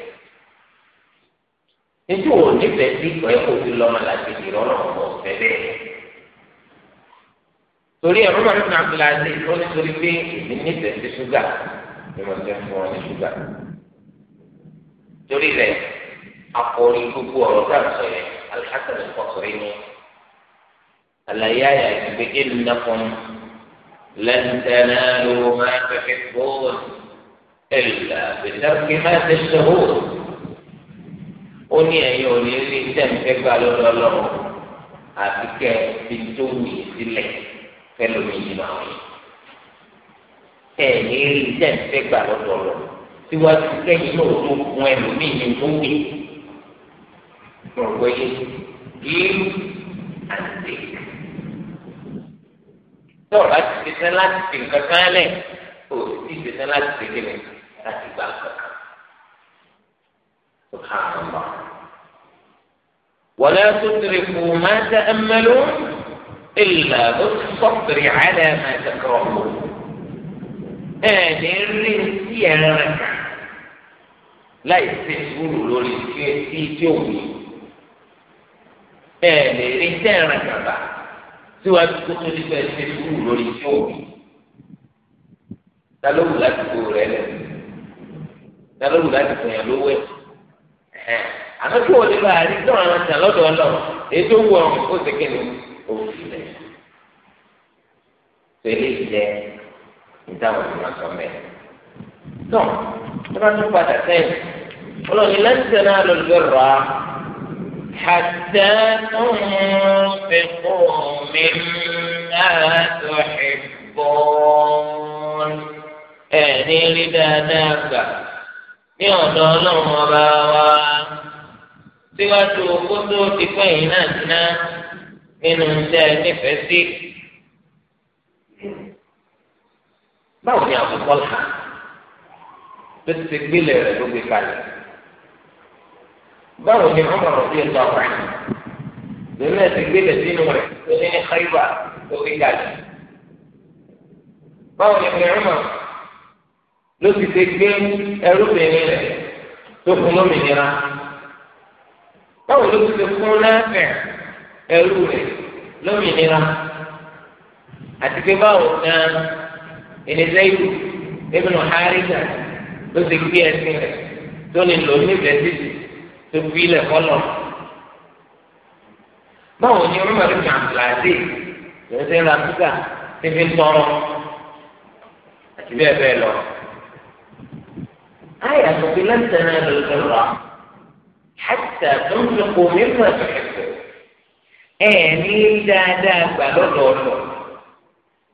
nítorí ìwọ nífẹ̀ẹ́ sí pé kó fi lọ́mọlá kejì rẹ̀ ọlọ́run bọ̀ fẹ́lẹ́ torí ẹ̀rọ bá nínú abdulaziz ó ní torí pé èmi nífẹ̀ẹ́ sí ṣúgà ni mo ti ń fún ọ ní ṣúgà torí rẹ̀ akọni gbogbo ọ̀rọ̀ tá a sọ yẹn alhassan kọsọrí ni àlàyé àyà ìgbẹ́jẹ́ nínú kan lẹ́nu tẹ́lẹ̀ ló máa ń fẹ́ fẹ́ bọ́ọ̀lù. إلا بترك ما تشتهون oni ẹyin ò ní rí tẹ̀m̀pẹ́ gbà lọ́lọ́lọ́ àti kẹ́ fi tó wù yìí sílẹ̀ fẹ́lómi nínú àwọn yìí ẹ̀ ní rí tẹ̀m̀pẹ́ gbà lọ́lọ́lọ́ síwájú kẹ́yìn náà tó fún ẹlòmíì ní tó wù yìí mọ̀gbẹ́yé yìí àti tọ́ọ̀ láti fi sẹ́ láti fi nǹkan kan lẹ̀ ò sì fi sẹ́ láti láti gbà kankan subhanallah wala tudriku ma ta'ammalun illa bis-sabri ala ma takrahun ẹni rí sí ẹran kan láì sí sùúrù lórí tí tí ò wí ẹni rí sí ẹran kan bá síwájú tó tó ní bẹ́ẹ̀ sí sùúrù lórí tí ò wí ta ló wù láti gbó rẹ lẹ́nu. dalólu láti fòyàn lówó ẹ àmọ́ kí wọn lè bá àrí náà àwọn àti àlọdọ Ọlọ́run ètò wù ọrùn ó ti kéde òfin rẹ pẹ̀lú ìjẹ ìdáhùn ìmọ̀ sọmẹ tó tó bá tún padà sẹ́yìn olóyìn lẹ́sẹ̀ náà ló lè rà á hàtẹ́ tó ń fi kó mi náà tó ṣe bọ́ọ̀n ẹ̀ ní rí dáadáa gbà ní ọ̀dọ̀ ọlọ́run ọba wa síwájú kótó ti pẹ́ yìí náà ná nínú iṣẹ́ nífẹ̀ẹ́ sí. báwo ni àbùkọ́ là tó ti ti gbélé rẹ̀ ló gbé kalẹ̀ báwo ni ọmọ rẹ̀ bí ẹ̀dọ́ rẹ̀ lórí ti gbélé sínú rẹ̀ tó ní ní Khaybar ló gbé kalẹ̀ báwo ni ọmọ rẹ̀ ló ti ṣe gbé ẹrúbìnrin rẹ̀ tó fún lómìnira báwo ló ti ṣe fún lẹ́fẹ̀ ẹrú rẹ̀ lómìnira àti pé báwo gan ẹnìzẹ́yìí ebi nù hárìgà ló ti gbé ẹsìn rẹ̀ tó lè lò níbẹ̀ títì tó fi ilẹ̀ kọ́lọ̀ báwo ni Umar ibn Abdul Aziz ló ń ṣe ń ra píkà tí fi ń tọrọ àti bẹ́ẹ̀ bẹ́ẹ̀ lọ. آية تقول لن تنالوا البر حتى تنفقوا مما تحبون ẹ̀ẹ́ni dáadáa gbà lọ́dọọdọ̀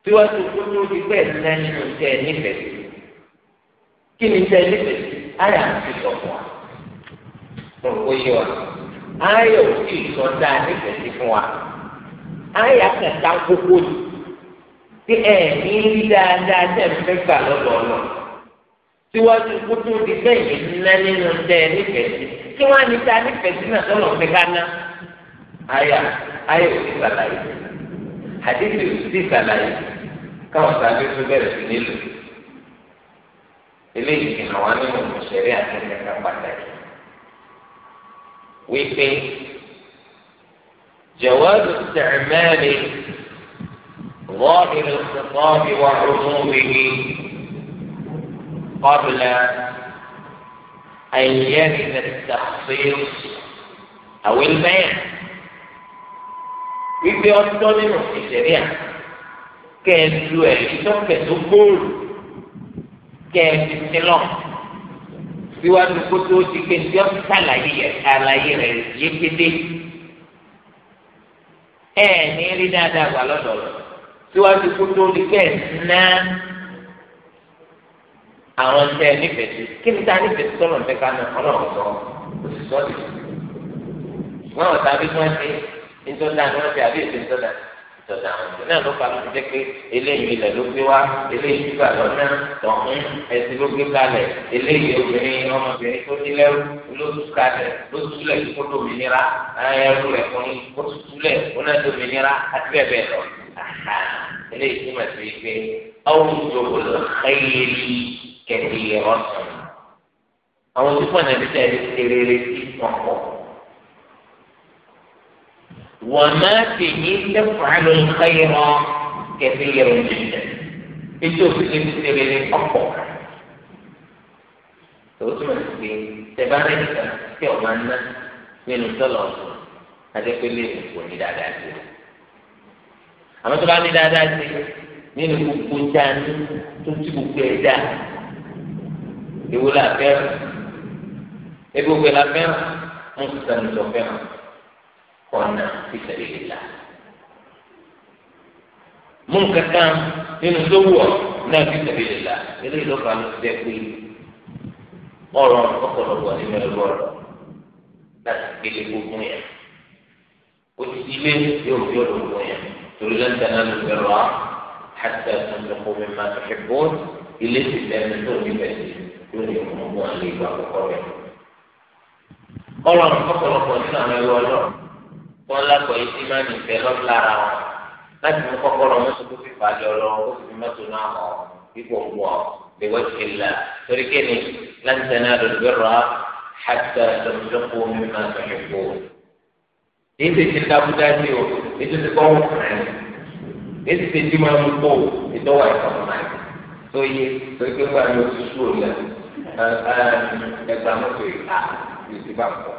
tí wọ́n ti kú ní ojú bẹ́ẹ̀ ní nínú tẹ nífẹ̀ẹ́ sí kí ni tẹ nífẹ̀ẹ́ sí ayà ti sọ fún wa mo rò ó yé wa ayà ò tí ì sọ dáa nífẹ̀ẹ́ sí fún wa ayà kẹta gbogbo ni pé ẹ̀ẹ́ni dáadáa tẹ̀ ń fẹ́ gbà lọ́dọọdọ̀ síwájú kótó di bẹ́ẹ̀ ńlá nínú tẹ nífẹ̀ẹ́ sí kí wọ́n á ní ta nífẹ̀ẹ́ sí náà sọ́nà ọ̀fẹ́ kaná. àyà àyà ò sí sàlàyé àdéhùn ò sí sàlàyé káwọn sábẹ́ tó bẹ̀rẹ̀ sí nílò. eléyìí fi hàn nínú ìṣẹ̀rí àti ìṣẹ̀ká pàtàkì. wípé جواز استعمال ظاهر الخطاب وعمومه قبل أن يرد التخصيص أو البيع wípé ọtọ nínú ìṣẹ̀lẹ̀ à kẹẹdù ẹ̀rí tọkẹ tó gbòòrò kẹẹdù sílọ síwájú kótó ti pé ní ọtí sàlàyé àlàyé rẹ yékédé ẹ ní rí dáadáa gbà lọ́dọ̀ síwájú kótó ti pé ẹ àwọn tẹ ẹ nífẹ̀ẹ́ sí kí ni tá a nífẹ̀ẹ́ sí tọ́lọ̀ nífẹ̀ẹ́ kánú ọlọ́run sọ òṣìṣọ́ ti wọn ò tàbí tí wọ́n ṣe ìtọ́jà ni wọ́n ṣe àbí ètò ìtọ́jà ìtọ́jà àwọn ìṣẹ̀lẹ̀ náà ló fà mí jẹ́ pé eléyìí ilẹ̀ ló gbé wá eléyìí gbígbà lọ́nà tọ̀hún ẹsẹ̀ ló gbé kalẹ̀ eléyìí obìnrin ọmọbìnrin tó ní lẹ́rú ló tú kalẹ̀ ló túlẹ̀ kó dòmìnira ẹrú rẹ̀ fún kẹ̀kẹ́ ọ̀sán àwọn tó pọ̀ náà ti tẹ̀lé kéréré sí ọ̀pọ̀ wọ́n máa ti yí lẹ́fọ̀ àlọ́yìn káyọ̀ kẹ̀kẹ́ yẹ̀rọ jẹjẹ ètò òfìsè ti kéréré ọ̀pọ̀ tòun tó máa ti tẹ̀ bá rẹ̀ níta tí ọ̀ máa ná nínú tọ́lọ̀ ọ̀sán adékélé kò ní dáadáa sí i àwọn tó bá ní dáadáa sí i nínú gbogbo dáa tó ti gbogbo ẹ̀ dáa ewu la fẹ́ràn egbogbo la fẹ́ràn ń sọ̀rọ̀ sọ fẹ́ràn kọ́nà ìṣẹ̀lẹ̀ ìlà mú kankan nínú tó wù ọ́ náà fi tẹ̀lé ìlà eléyìí ló fà á ló ti dẹ́ pé ọ̀rọ̀ ọ̀pọ̀lọpọ̀ nínú ẹ̀rọ ọ̀rọ̀ láti gbélé gbogbo yẹn òtítí ilé yóò fi ọ̀rọ̀ gbogbo yẹn torí lẹ́ńtẹ̀ náà ló fẹ́ rọ̀ á hàtẹ́ tó ń mi máa fi bọ́ ilé ti lẹ́nu tó ní bẹ̀rẹ̀ tí ó lè mú wọn lè gba kọ́kọ́ rẹ̀. ọlọ́run kọ́kọ́lọ́kọ́ nínú àwọn ẹ̀rọ ọlọ́run wọn lápọ̀ yìí sí máa ń fẹ́ lọ́lára wọn láti mú kọ́kọ́rọ́ wọn tó fi fàájọ lọ ó sì fi mọ́tò náà hàn ipò wọ̀ lèwọ́ ti la torí kéde láti náà lọ lóbi rà hàtà lọ́mọdékò mímọ́ àtọ̀yẹ̀kọ́. èyí ti ti dábúdájú o ètò ti kọ́ wọn fún ẹ̀ èyí ti ti máa ń kó ìdọ́wà ìfọ̀mọ́ àti tó yé torí pé wọn àti oṣù sùúrù lẹ́nu ẹgbàá mọ́tò yìí a yìí ti bá pọ̀.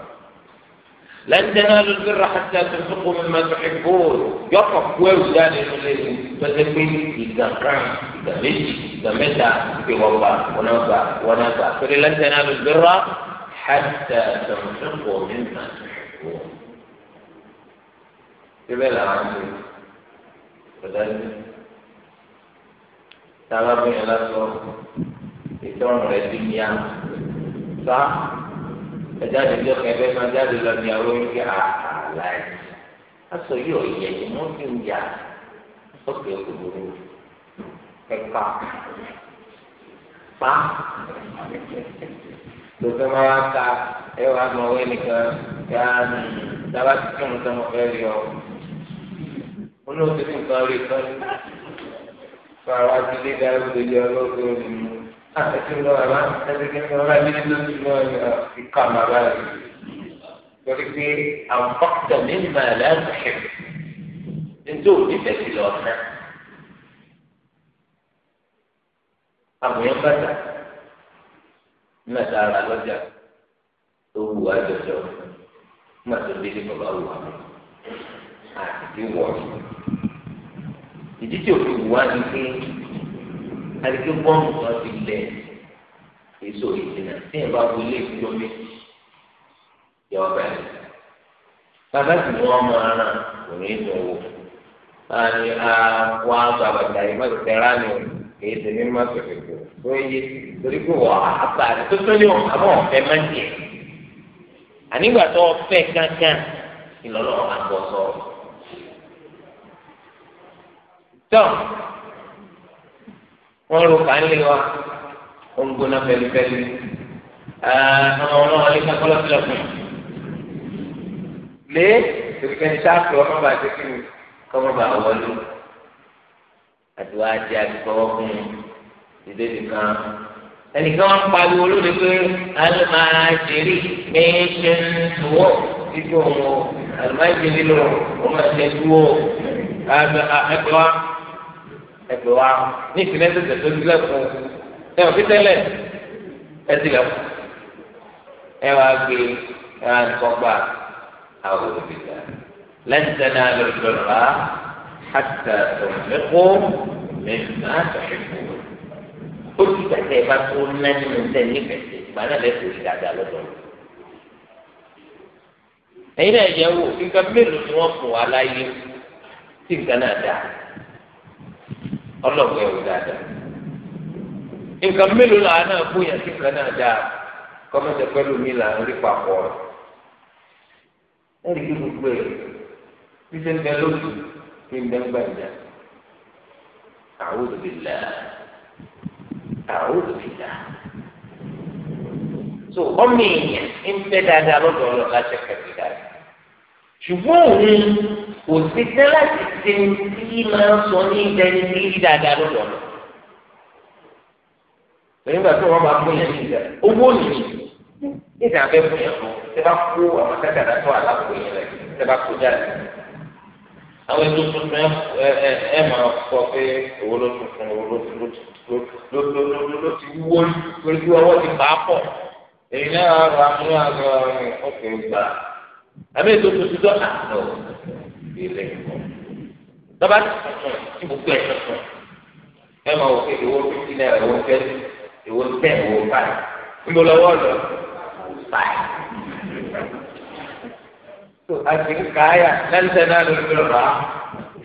lẹ́ńdẹ́ náà ló ti ra àti àtúntò kò mímọ́ tó fi bóòlù yọkọ̀ kú ẹ̀rù jáde nílé ní pẹ́ẹ́lẹ́ pé ìgbà kan ìgbà méjì ìgbà mẹ́ta ìgbè wọ́n gbà wọ́n náà gbà wọ́n náà gbà torí lẹ́ńdẹ́ náà ló ti ra àti àtúntò kò mímọ́ tó fi bóòlù. síbẹ̀ làwọn ń bọ̀ ọ̀dọ́ táwọn abúlé lásán ìtọ́rùn rẹ̀ ti ní àná sá ẹ̀jáde lé ọkàn ẹgbẹ́ máa jáde lọ ní àwọn oúnjẹ àlá ẹ̀ aṣọ yìí ọ̀yẹ̀ ni wọ́n fi ń yà sókè òkúrú ẹ̀ka pa lóòótọ́ máa wá ka ẹ wàá mọ owó ẹnìkan yá ni dábàá ti kí ọ̀nà tó fẹ́ rí ọ olóòtú nìkan rí kan ní fara wá sí ilé dáhùn lójú ọlọ́gbọ́n ẹtí lọ ẹ̀rọ ẹtí kí ẹ̀rọ ẹ̀mí ló ti lọ ìka màrà rẹ̀ torí pé àǹfààní mi mà lẹ́nu ṣẹ̀ nítorí òbí bẹ̀sí lọ ọ̀nà àmúyàn bàtà mẹ́ta ara lọ́jà tó wù ìdí tí òfin wù wá ni pé àdìgbò bọ́ọ̀mù tó ti lẹ̀ èso ìdènà tí ìbá wo ilé ìdúró mi yọ ọbẹ̀ rẹ̀. bàbá sì mú ọmọ ara òní nù wò láàrin àwọn aṣọ àbàtà yìí má tẹ̀lé rání o kìí ṣe mímọ́ pẹ̀lú tó ń yé torí pé wọ́n àbá tó tó ní àbọ̀ ọ̀fẹ́ má jẹ́ ànígbà tó ọ̀fẹ́ kankan ìlọ́lọ́ àgbọ̀ wọ́n ro kàńlé wa ó ń gbóná pẹ̀lúpẹ̀lú ọmọ wọn náà lè ká kọ́lọ́ sílẹ̀ fún un lé ìpínlẹ̀ sáàpù ọmọ bá ti kí ni kọ́mọ bá wọlé àti wàá di àdìgbọ́wọ́ fún un dídé nìkan ẹnìkan wọn pariwo lóde pé alimajiri méje ń tuwọ́ títí òun o alimajiri lò ó máa ṣe tuwọ́ ẹgbẹ́ wa ẹgbẹ́ wa ní ìpínlẹ̀ tẹ̀sẹ̀ tó sílẹ̀ fún ẹ òfin tẹ́lẹ̀ ẹ sílẹ̀ fún ẹ wá gbé ẹ wá nìkan gbà àwọn òbí dà lẹ́yìn tẹ́lẹ̀ alẹ́ òjòlá àtà òmìnirikó mẹ́ta àtàkùn ó ti dàgbẹ́ bá tó ná nínú tẹ́ nífẹ̀ẹ́ ìgbà náà lẹ́sẹ̀ òsì dáadáa lọ́dọ̀ ẹ̀yin náà yẹ wo nǹkan mélòó ni wọ́n fún wa láyé tí nǹkan náà dáa ọlọ́gbọ̀ ẹ̀wò dáadáa nǹkan mélòó làwọn náà fún yàn sí nǹkan náà dáa kọ́mẹ́tẹ̀ pẹ́lú mi là ń rí papọ̀ rẹ̀ ẹ̀rí kí gbogbo ẹ̀ bí ṣe ń bẹ lóṣù kí ń bẹ ń gbàgbà a'udhu billah a'udhu billah so ọmọ èèyàn ń bẹ dáadáa lọ́dọ̀ ọlọ́ọ̀ láti ẹ̀kẹ́ ṣùgbọ́n òun kò sí tẹ́ láti ṣe tí máa ń sọ ní ìdẹni tí rí dáadáa lọ́dọ̀ lọ. lẹ́yìn ìgbà tí wọ́n máa fún yẹn nígbà owó nìyí nígbà abẹ́ fún yẹn lọ tẹ́ bá kó àwọn kádàrá tó àlàkò yẹn rẹ̀ tẹ́ bá kó jáde. àwọn ètò tuntun ẹ máa sọ pé owó ló tuntun owó ló tuntun ló ti wúwo lórí ọwọ́ ti bàá pọ̀ èyí náà rà mú àgbà ọkùnrin gbà. àmì ètò tuntun tó à ọ ilé ẹ̀kọ́ tọba tí gbogbo ẹ tuntun ẹ máa wò pé ìwọ fífi náírà ìwọ fẹ ìwọ tẹ ìwọ fáì ńgbọ lọ́wọ́ lọ fáì tó àti káyà lẹ́ńtẹ̀ náà ló ń lọ rà á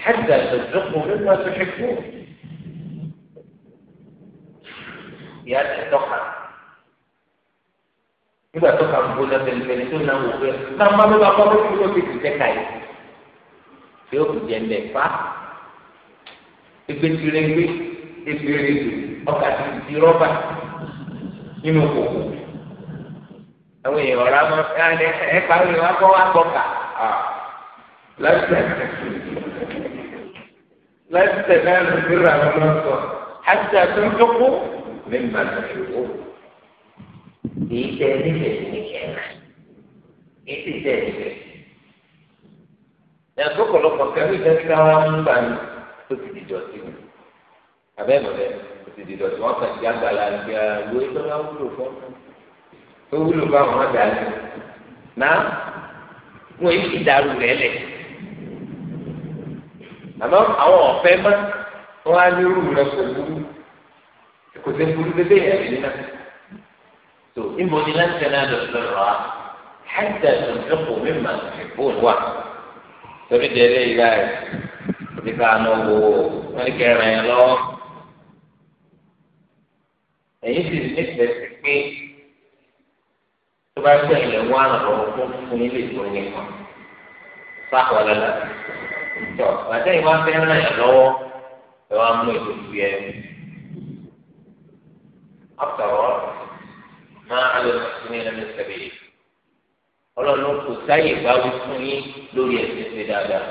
hẹ́tẹ̀ ẹ̀dọ́kùn ló ń lọ sí ṣẹ́kù ìyá ti gbogbo e tuntun e maa wo pe iwo fifi naira iwo fe iwo te iwo ń bọ lowo lo fai to a ati kaya lente naa lo n lo ra a hete kò ní n ti si kú iya ti toka nígbà tó kà gbóná pẹlẹpẹlẹ tó náà wò pé náà má ló bá bá bóyá ló ti tẹ ká yìí tí ó kù jẹ ńlẹ fa egbetirengbe ebiredo ọkà ti di rọba nínú kòkò àwọn èèyàn ọ̀rá mọ ẹ ẹ parí wọn kọ́ wá gbọ́kà lẹ́sẹ̀ lẹ́sẹ̀ náà ló ti rà wọn lọ́sọ̀ àti àtúntò kú ní màtàkì kú èyí tẹ níbẹ̀ ní kẹ́ẹ̀rẹ́ èyí sì tẹ níbẹ̀. ní àkókòlọpọ̀ kẹ́rù ìtẹ́síká wa ń gbà ní ó ti di dọ̀tí mi àbẹ́mọ̀lẹ́ ó ti di dọ̀tí wọn kàn já gbala ní àlọ́ ìtọ́ wa wúlò fún ó wúlò fún àwọn ọ̀dà ni náà wọ́n yìí dàrú rẹ̀ lẹ̀ àmọ́ àwọn ọ̀fẹ́ mọ́ wọn á ní irú rẹ̀ kò burú kò sí burú bébè yẹn nínú tó ìmọ̀ ni láti tẹ̀lé àdó lọ́rọ̀ wa hẹ́tẹ̀ tó ń fẹ́kọ̀ mímọ̀ ìbòn wa torí délé ìlà rẹ̀ ní ká lọ wò ó wọ́n ní kẹrin ẹ̀ lọ́wọ́ ẹ̀yìn sì ní fẹ̀sì pé tó bá pẹ̀ ilẹ̀ wọn àrọ̀ fún fún ilé ìtò nìkan sáfọ̀ lọ́la tó bàtẹ́ ìwà fẹ́ràn ẹ̀ lọ́wọ́ ẹ̀ wá mú ètò ìgbé ẹ̀ after all máa àlọ́ ìmọ̀sílẹ̀ ní sẹ́bẹ̀ yìí ọlọ́run kò sáyè bá wí fún yín lórí ẹ̀sìn ṣe dáadáa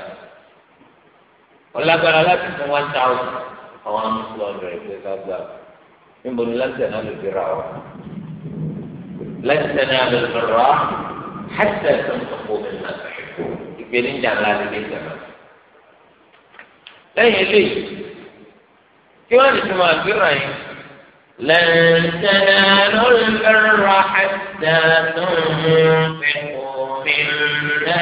ọlágbára láti fún one thousand àwọn amúsùn ọ̀rẹ́ ẹgbẹ́ sábà níbo ni láti ẹ̀ náà lè fi ra ọ láti ẹ̀ náà lè fi ra ọ hẹ́sẹ̀ tó ń sọ̀kọ́ mi náà ìpèníjà ńlá ni lè lẹ́yìn eléyìí kí wọ́n lè fi máa gbéra yín. لن تنالوا البر حتى تنفقوا مما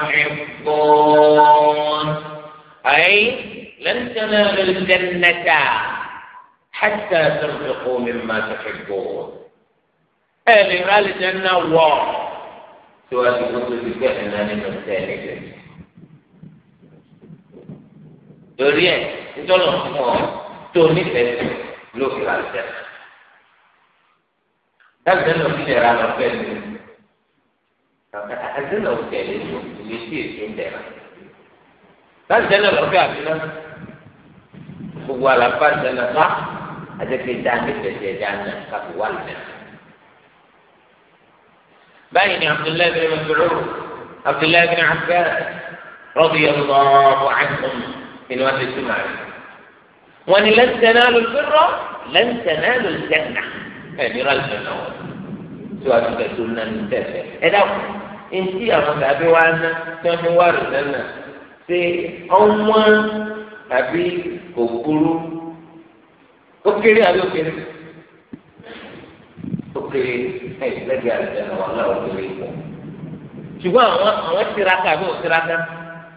تحبون أي لن تنالوا الجنة حتى تنفقوا مما تحبون ما الجنة الله سواء كنت بكهنة من الثاني torí تريد nítorí wọn fún ọ yóò fi ra ìjẹ dábìlẹ náà fi dẹ̀ra lọ fẹ́ mi àti náà ò tẹ̀lé lò lè sí èso ń dẹ̀ra dábìlẹ náà lọ fẹ́ àbí náà gbogbo àlàfà ìjẹun náà àjẹpẹ dání fẹsẹ dání káfí wà lẹ. báyìí ni abdullahi bin mas'ud abdullahi bin abbas rọ́bì yẹn lọ́ọ́ bọ́ àìsàn ìlú wa ti túmọ̀ rẹ̀. wọn ni lẹ́ńtẹ̀nà lùfẹ́rọ́ lẹ́ńtẹ̀nà lùjẹ̀nà ẹ̀ nira lùjẹ̀nà wọn tí wàá tún kẹtù náà ní tẹ̀fẹ̀ ẹ dàpọ̀ etí àwọn tàbí wa ná tí wọ́n fi wá lùjẹ̀nà ṣe ọ̀wọ́n tàbí òkúrú ó kéré àbí ó kéré ó kéré wọn náà ó ṣùgbọ́n àwọn àwọn tiraka àbí òtiraka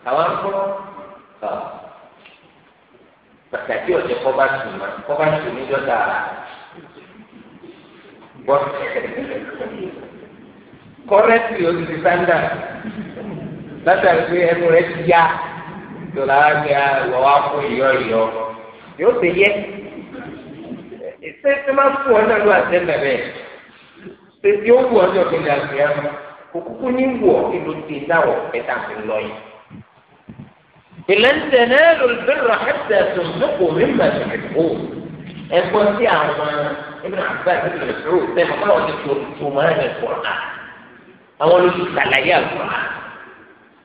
àwọn akọ́ pàtàkì ọ̀jẹ̀ kọ́ba tù mà kọ́ba tù níjọ́ dára bọ́ kọ́rẹ́tì o ti sáńdà látàrí pé ẹnu rẹ ti yá tòlá ní àlọ́ wa fún ìyọ́ ìyọ́ yóò ṣe yẹ ṣé ṣé máa fún ọ náà ló àṣẹ mẹ́rẹ̀ ṣé tí ó wù ọ ní ọ̀gbìn àgbẹ̀ àmọ́ òkúkú ní wù ọ kí ló ti dáwọ̀ ẹ̀ta fi lọ yìí ìlànà tẹ̀lé olùbẹ̀rẹ̀ àti àtúntò mímọ̀ ìdìbò ẹ̀kọ́ sí àwọn ibi náà bá ìdílé ìṣòro bẹ́ẹ̀ mọ̀ káwọn ti tó tó máa ń ẹ̀kọ́ à àwọn olùsù sàlàyé àgbà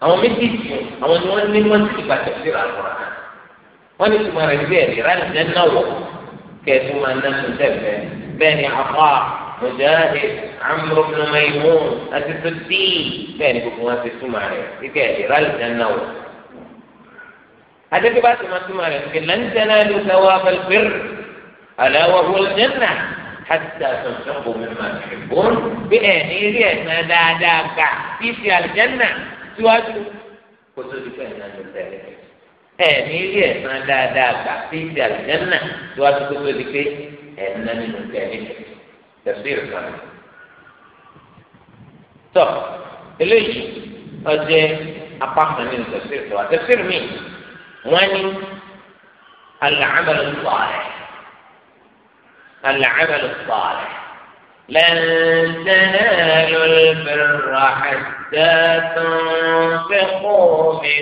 àwọn méjèèjì àwọn ni wọ́n ní wọ́n ti bàtẹ̀ sí àgbà wọ́n ní tùmọ̀ rẹ̀ bẹ́ẹ̀ rí rà nìjẹ́ náà wọ̀ kẹ́ẹ̀tù máa ná tó tẹ̀fẹ̀ bẹ́ẹ̀ ni àpá mùjáde amúrò bùnú mẹ́yìmú àti tó dì bẹ́ẹ̀ ni gbogbo wọn ti túmọ̀ rẹ̀ kíkẹ́ ìrà nìjẹ́ náà wọ̀. adéke bá ti máa túmọ̀ rẹ̀ pé lẹ́ńtẹ́lá ló sáwọ́ abẹ́lẹ́fẹ́r aláwọ̀ wọlẹ́nà hàtà sọ̀tún bomi máa fi bọ́n bí ẹ̀ ní rí ẹ̀sán dáadáa gbà fífi àlùjẹ́nà síwájú kó tó di pẹ̀lú náà ló tẹ̀lé ẹ̀ ní rí ẹ̀sán dáadáa gbà fífi àlùjẹ́nà síwájú kó tó di pé ẹ̀ náà nínú tẹ̀lé tẹ̀sí ìrìnà. tọ́ eléyìí ọjẹ́ apá kan nínú tẹ̀sí ìrìnà tẹ̀sí ìrìnà wọ́n ní alàmàlù sọ̀rẹ̀ alàmàlù sọ̀rẹ̀ lẹ́ńtẹ́nẹ́ lọ́lẹ́bẹ̀rẹ̀ àṣẹ tó ń fẹ́ kó mi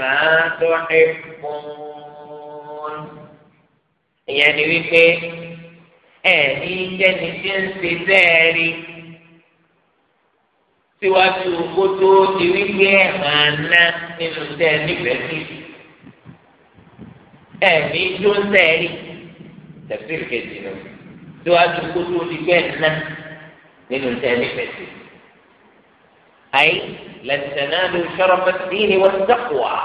máa tó ṣe fún un. ìyẹn ni tí ń ṣe bẹ́ẹ̀ rí síwájú kó tó wípé ẹ̀ ná nínú tẹ́ nífẹ̀ẹ́ sí ẹ̀mí ló ń sẹ́ẹ̀rí tẹ̀síìrì kejì nù síwájú kó tó di pé ẹ̀ná nínú sẹ́ẹ̀rí pẹ̀sì. أي لن تنالوا شرف الدين والتقوى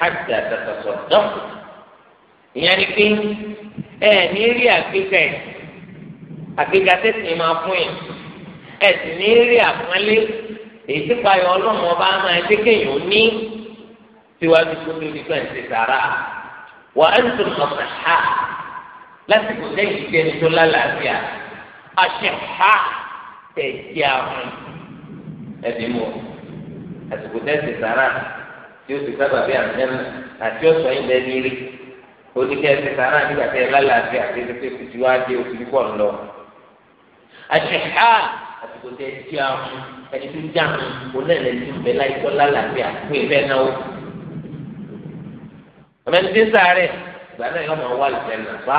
حتى تتصدقوا يعني في ẹ ní rí àgbéga ẹ àgbéga tẹsí máa fún yẹn ẹ sì ní rí àpọnlé èyí tí payọ ọlọ́mọ bá kéèyàn ní tiwájú kó tó di pẹ̀lú ti sàrà wà á ń tún ọ̀sẹ̀ ha lásìkò lẹ́yìn tẹ́ ń tó lálàáfíà àṣẹ ha tẹ̀ jí àrùn ẹ̀dín mọ́ àsìkò tẹ́sí sára tí ó ti sábà bí àmì àti ọ̀sọ̀ yìí lẹ́ni rí oníkẹ́sí sára nígbà tẹ́ lálàáfíà àti ẹ̀dẹ́gbẹ́ fìdí wá dé oṣù púpọ̀ lọ. àṣẹ ha àsìkò tẹ́ jí ẹni tó jà ń olóòlẹ́ni bẹ́ẹ̀ láìpẹ́ lálàáfíà fún ìfẹ́ náà ọmọdé tí ń sáré ìgbà náà yọmọ wà lùtẹ̀ nà bá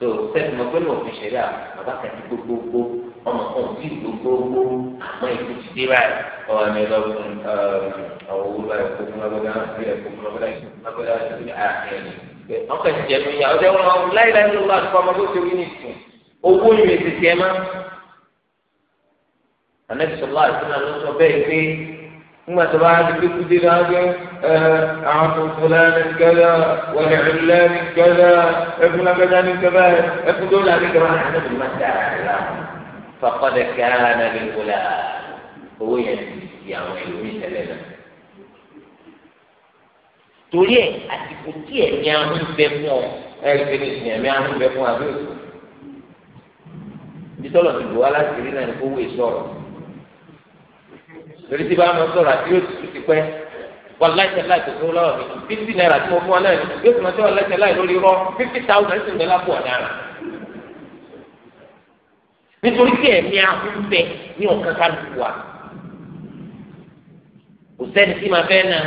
tó sẹ́ni mo gbẹ́nu òfin ṣẹlẹ̀ àbá kàti gbogbogbò ọmọ kan ò tí ì gbogbogbò àmọ́ ìlú ti dé báyìí ọmọ mi lọ fún um, àwọn owó báyìí kó fún abẹ́lẹ́ àti ẹ̀kọ́ fún abẹ́lẹ́ abẹ́lẹ́ àti àkẹ́yìn. ọkọ̀ ìjẹ́ mi yà ọ̀dẹ́ wọn láìláì ló lọ àtúkọ́ ọmọ tó ṣe wí nìsín owó yìí ti tiẹ̀ má. àná ثم تبعد بكل ذلك عن فلان كذا ولعلان كذا ابن كذا كذا ابن دول عليك ما نحن بالمسألة فقد كان لفلان هو يا ويلومي سلمة torí ẹ àsìkò tí ẹmí ahọ́n bẹ fún ọ ẹ rí fẹ́ẹ́ ní ẹmí ahọ́n bẹ torí tí bá mọ sọ̀rọ̀ àti yóò tutù ti pẹ́ wọn láìsẹ̀ láì tó tó lọ́wọ́ mi fifty naira tí mo fún ọ náà ni yóò tún ọtí wọn láìsẹ̀ láì lórí rọ fifty thousand sì ń bẹ lápò ọ̀daràn. nítorí tí ẹ̀mí ahúnbẹ ní ọ̀kan kálukú wa kò sẹ́ni tí màá fẹ́ náà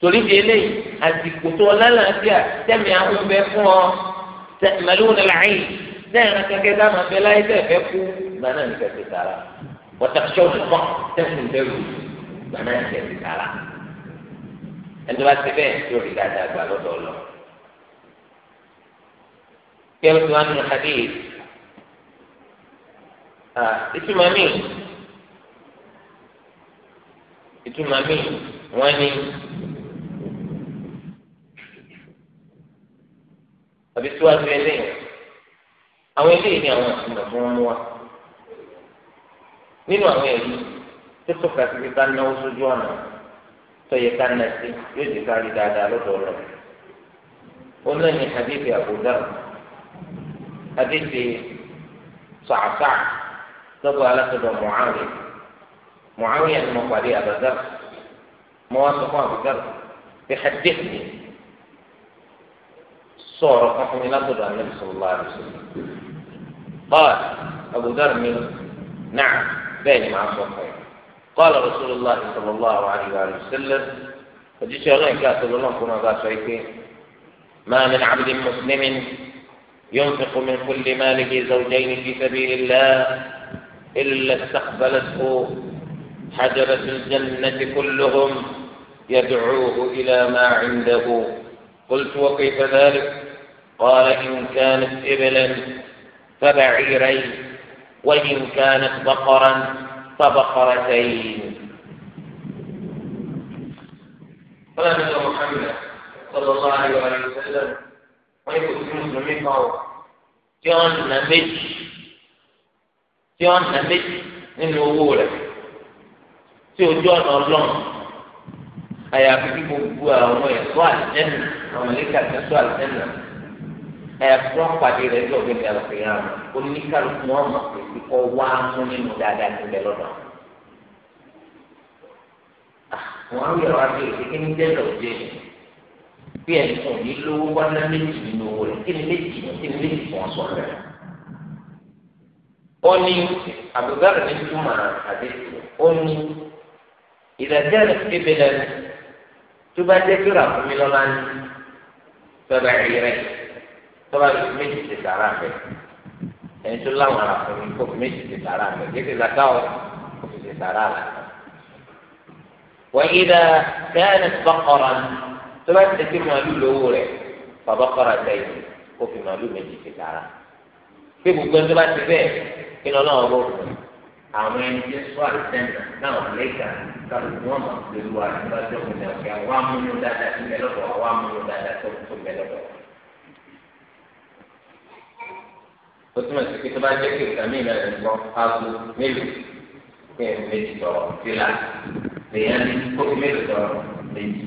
torí di eléyìí àsìkò tó lálàáfíà tẹ̀mí ahúnbẹ fún ọ tẹ̀mẹ́lú nílàáyì náà kankan dáhùn abẹ́láyé tẹ̀ fẹ́ kú ìgbà náà ní kẹsì sára wọ́tàkṣọ́ òṣùpọ̀ tẹ̀sùn bẹ́rù ìgbà náà ní kẹsì sára ẹni tó bá ti bẹ́ẹ̀ yóò rí dáadáa gbà lọ́dọ̀ lọ. kẹ́rù tí wọ́n nù hadi ìtumọ̀ mi ìtumọ̀ mi wọ́n ní. àbí síwájú eléyìí àwọn eléyìí ni àwọn àtúntò fún mú wa nínú àwọn èyí tó tọ́ka sí ká náwó sójú ọ̀nà tó yẹ ká ná sí yóò di ká rí dáadáa lọ́dọ̀ ọ̀rọ̀ ó náà ní hadithi àbúdá hadithi sàásà lọ́gbọ̀ alásọ̀dọ̀ mọ̀áwì mọ̀áwì ẹni mo pàdé àbàdà mo wá sọ fún àbúdá bí hadithi sọ̀rọ̀ kan fún mi látọ̀dọ̀ ànábì sallallahu alaihi wasallam báwa àbúdá mi náà. بين مع الصفين قال رسول الله صلى الله عليه وآله وسلم فجيش يغير كاتب الله شايفين ما من عبد مسلم ينفق من كل ماله زوجين في سبيل الله إلا استقبلته حجرة الجنة كلهم يدعوه إلى ما عنده قلت وكيف ذلك قال إن كانت إبلا فبعيرين وإن كانت بقرا فبقرتين قال النبي محمد صلى الله عليه وسلم وإن كنت مسلمين فهو جون نمج جون نمج من وولا سيو جان أرلون أيا فيكي بوكوا ومويا سوال جنة ومليكا سوال جنة أيا فرحبا جيدا يجو بيكا لقيامة ونيكا لقيامة kọ́ wá mú nínú dáadáa ti bẹ̀ lọ́dọ̀. àwọn àwọn yàrá bí o ṣe kí ní dẹ́lọ̀ dé bí ẹni kò ní lówó wá ná méjì nínú owó rẹ̀ kí ni méjì kí ni méjì fún ọ̀sán rẹ̀. ó ní àbúgbàrún ní túmọ̀ àdéhùn ó ní ìdájọ́ rẹ̀ kébé lẹ́nu tó bá jẹ́ kí ràkúnmí lọ́la ní tọ́ba ìrẹ́ tọ́ba méjì ti sàrà bẹ́ẹ̀ ẹni tó láwọn àfọwọ́ kó fi méjì ti sàrà rẹ̀ kéde zaka o kó fi ti sàrà rẹ̀. wọ́n yí dá kẹ́hìn bọ́kọ̀rọ̀ tó bá ti tẹ́ màálù lówó rẹ̀ fàbọ́kọ̀rọ̀ sẹ́yìn kó fi màálù méjì ti sàrà. bí gbogbo ẹni tó bá ti bẹ́ẹ̀ kí ni ọlọ́run bó fún un àwọn ẹni tí sọ àtẹnà náà lẹ́gà kálukú wọn máa ń pẹ̀lú àdúrà tó kù ọ̀kẹ́ àwọn amúnú dáadáa ó túmọ̀ sí pé tó bá jẹ́ kí nǹkan mìíràn ẹ̀ lọ aago mélòó kí ẹ̀ méjì tọrọ fílà lèyàn ní kófí mélòó tọrọ méjì.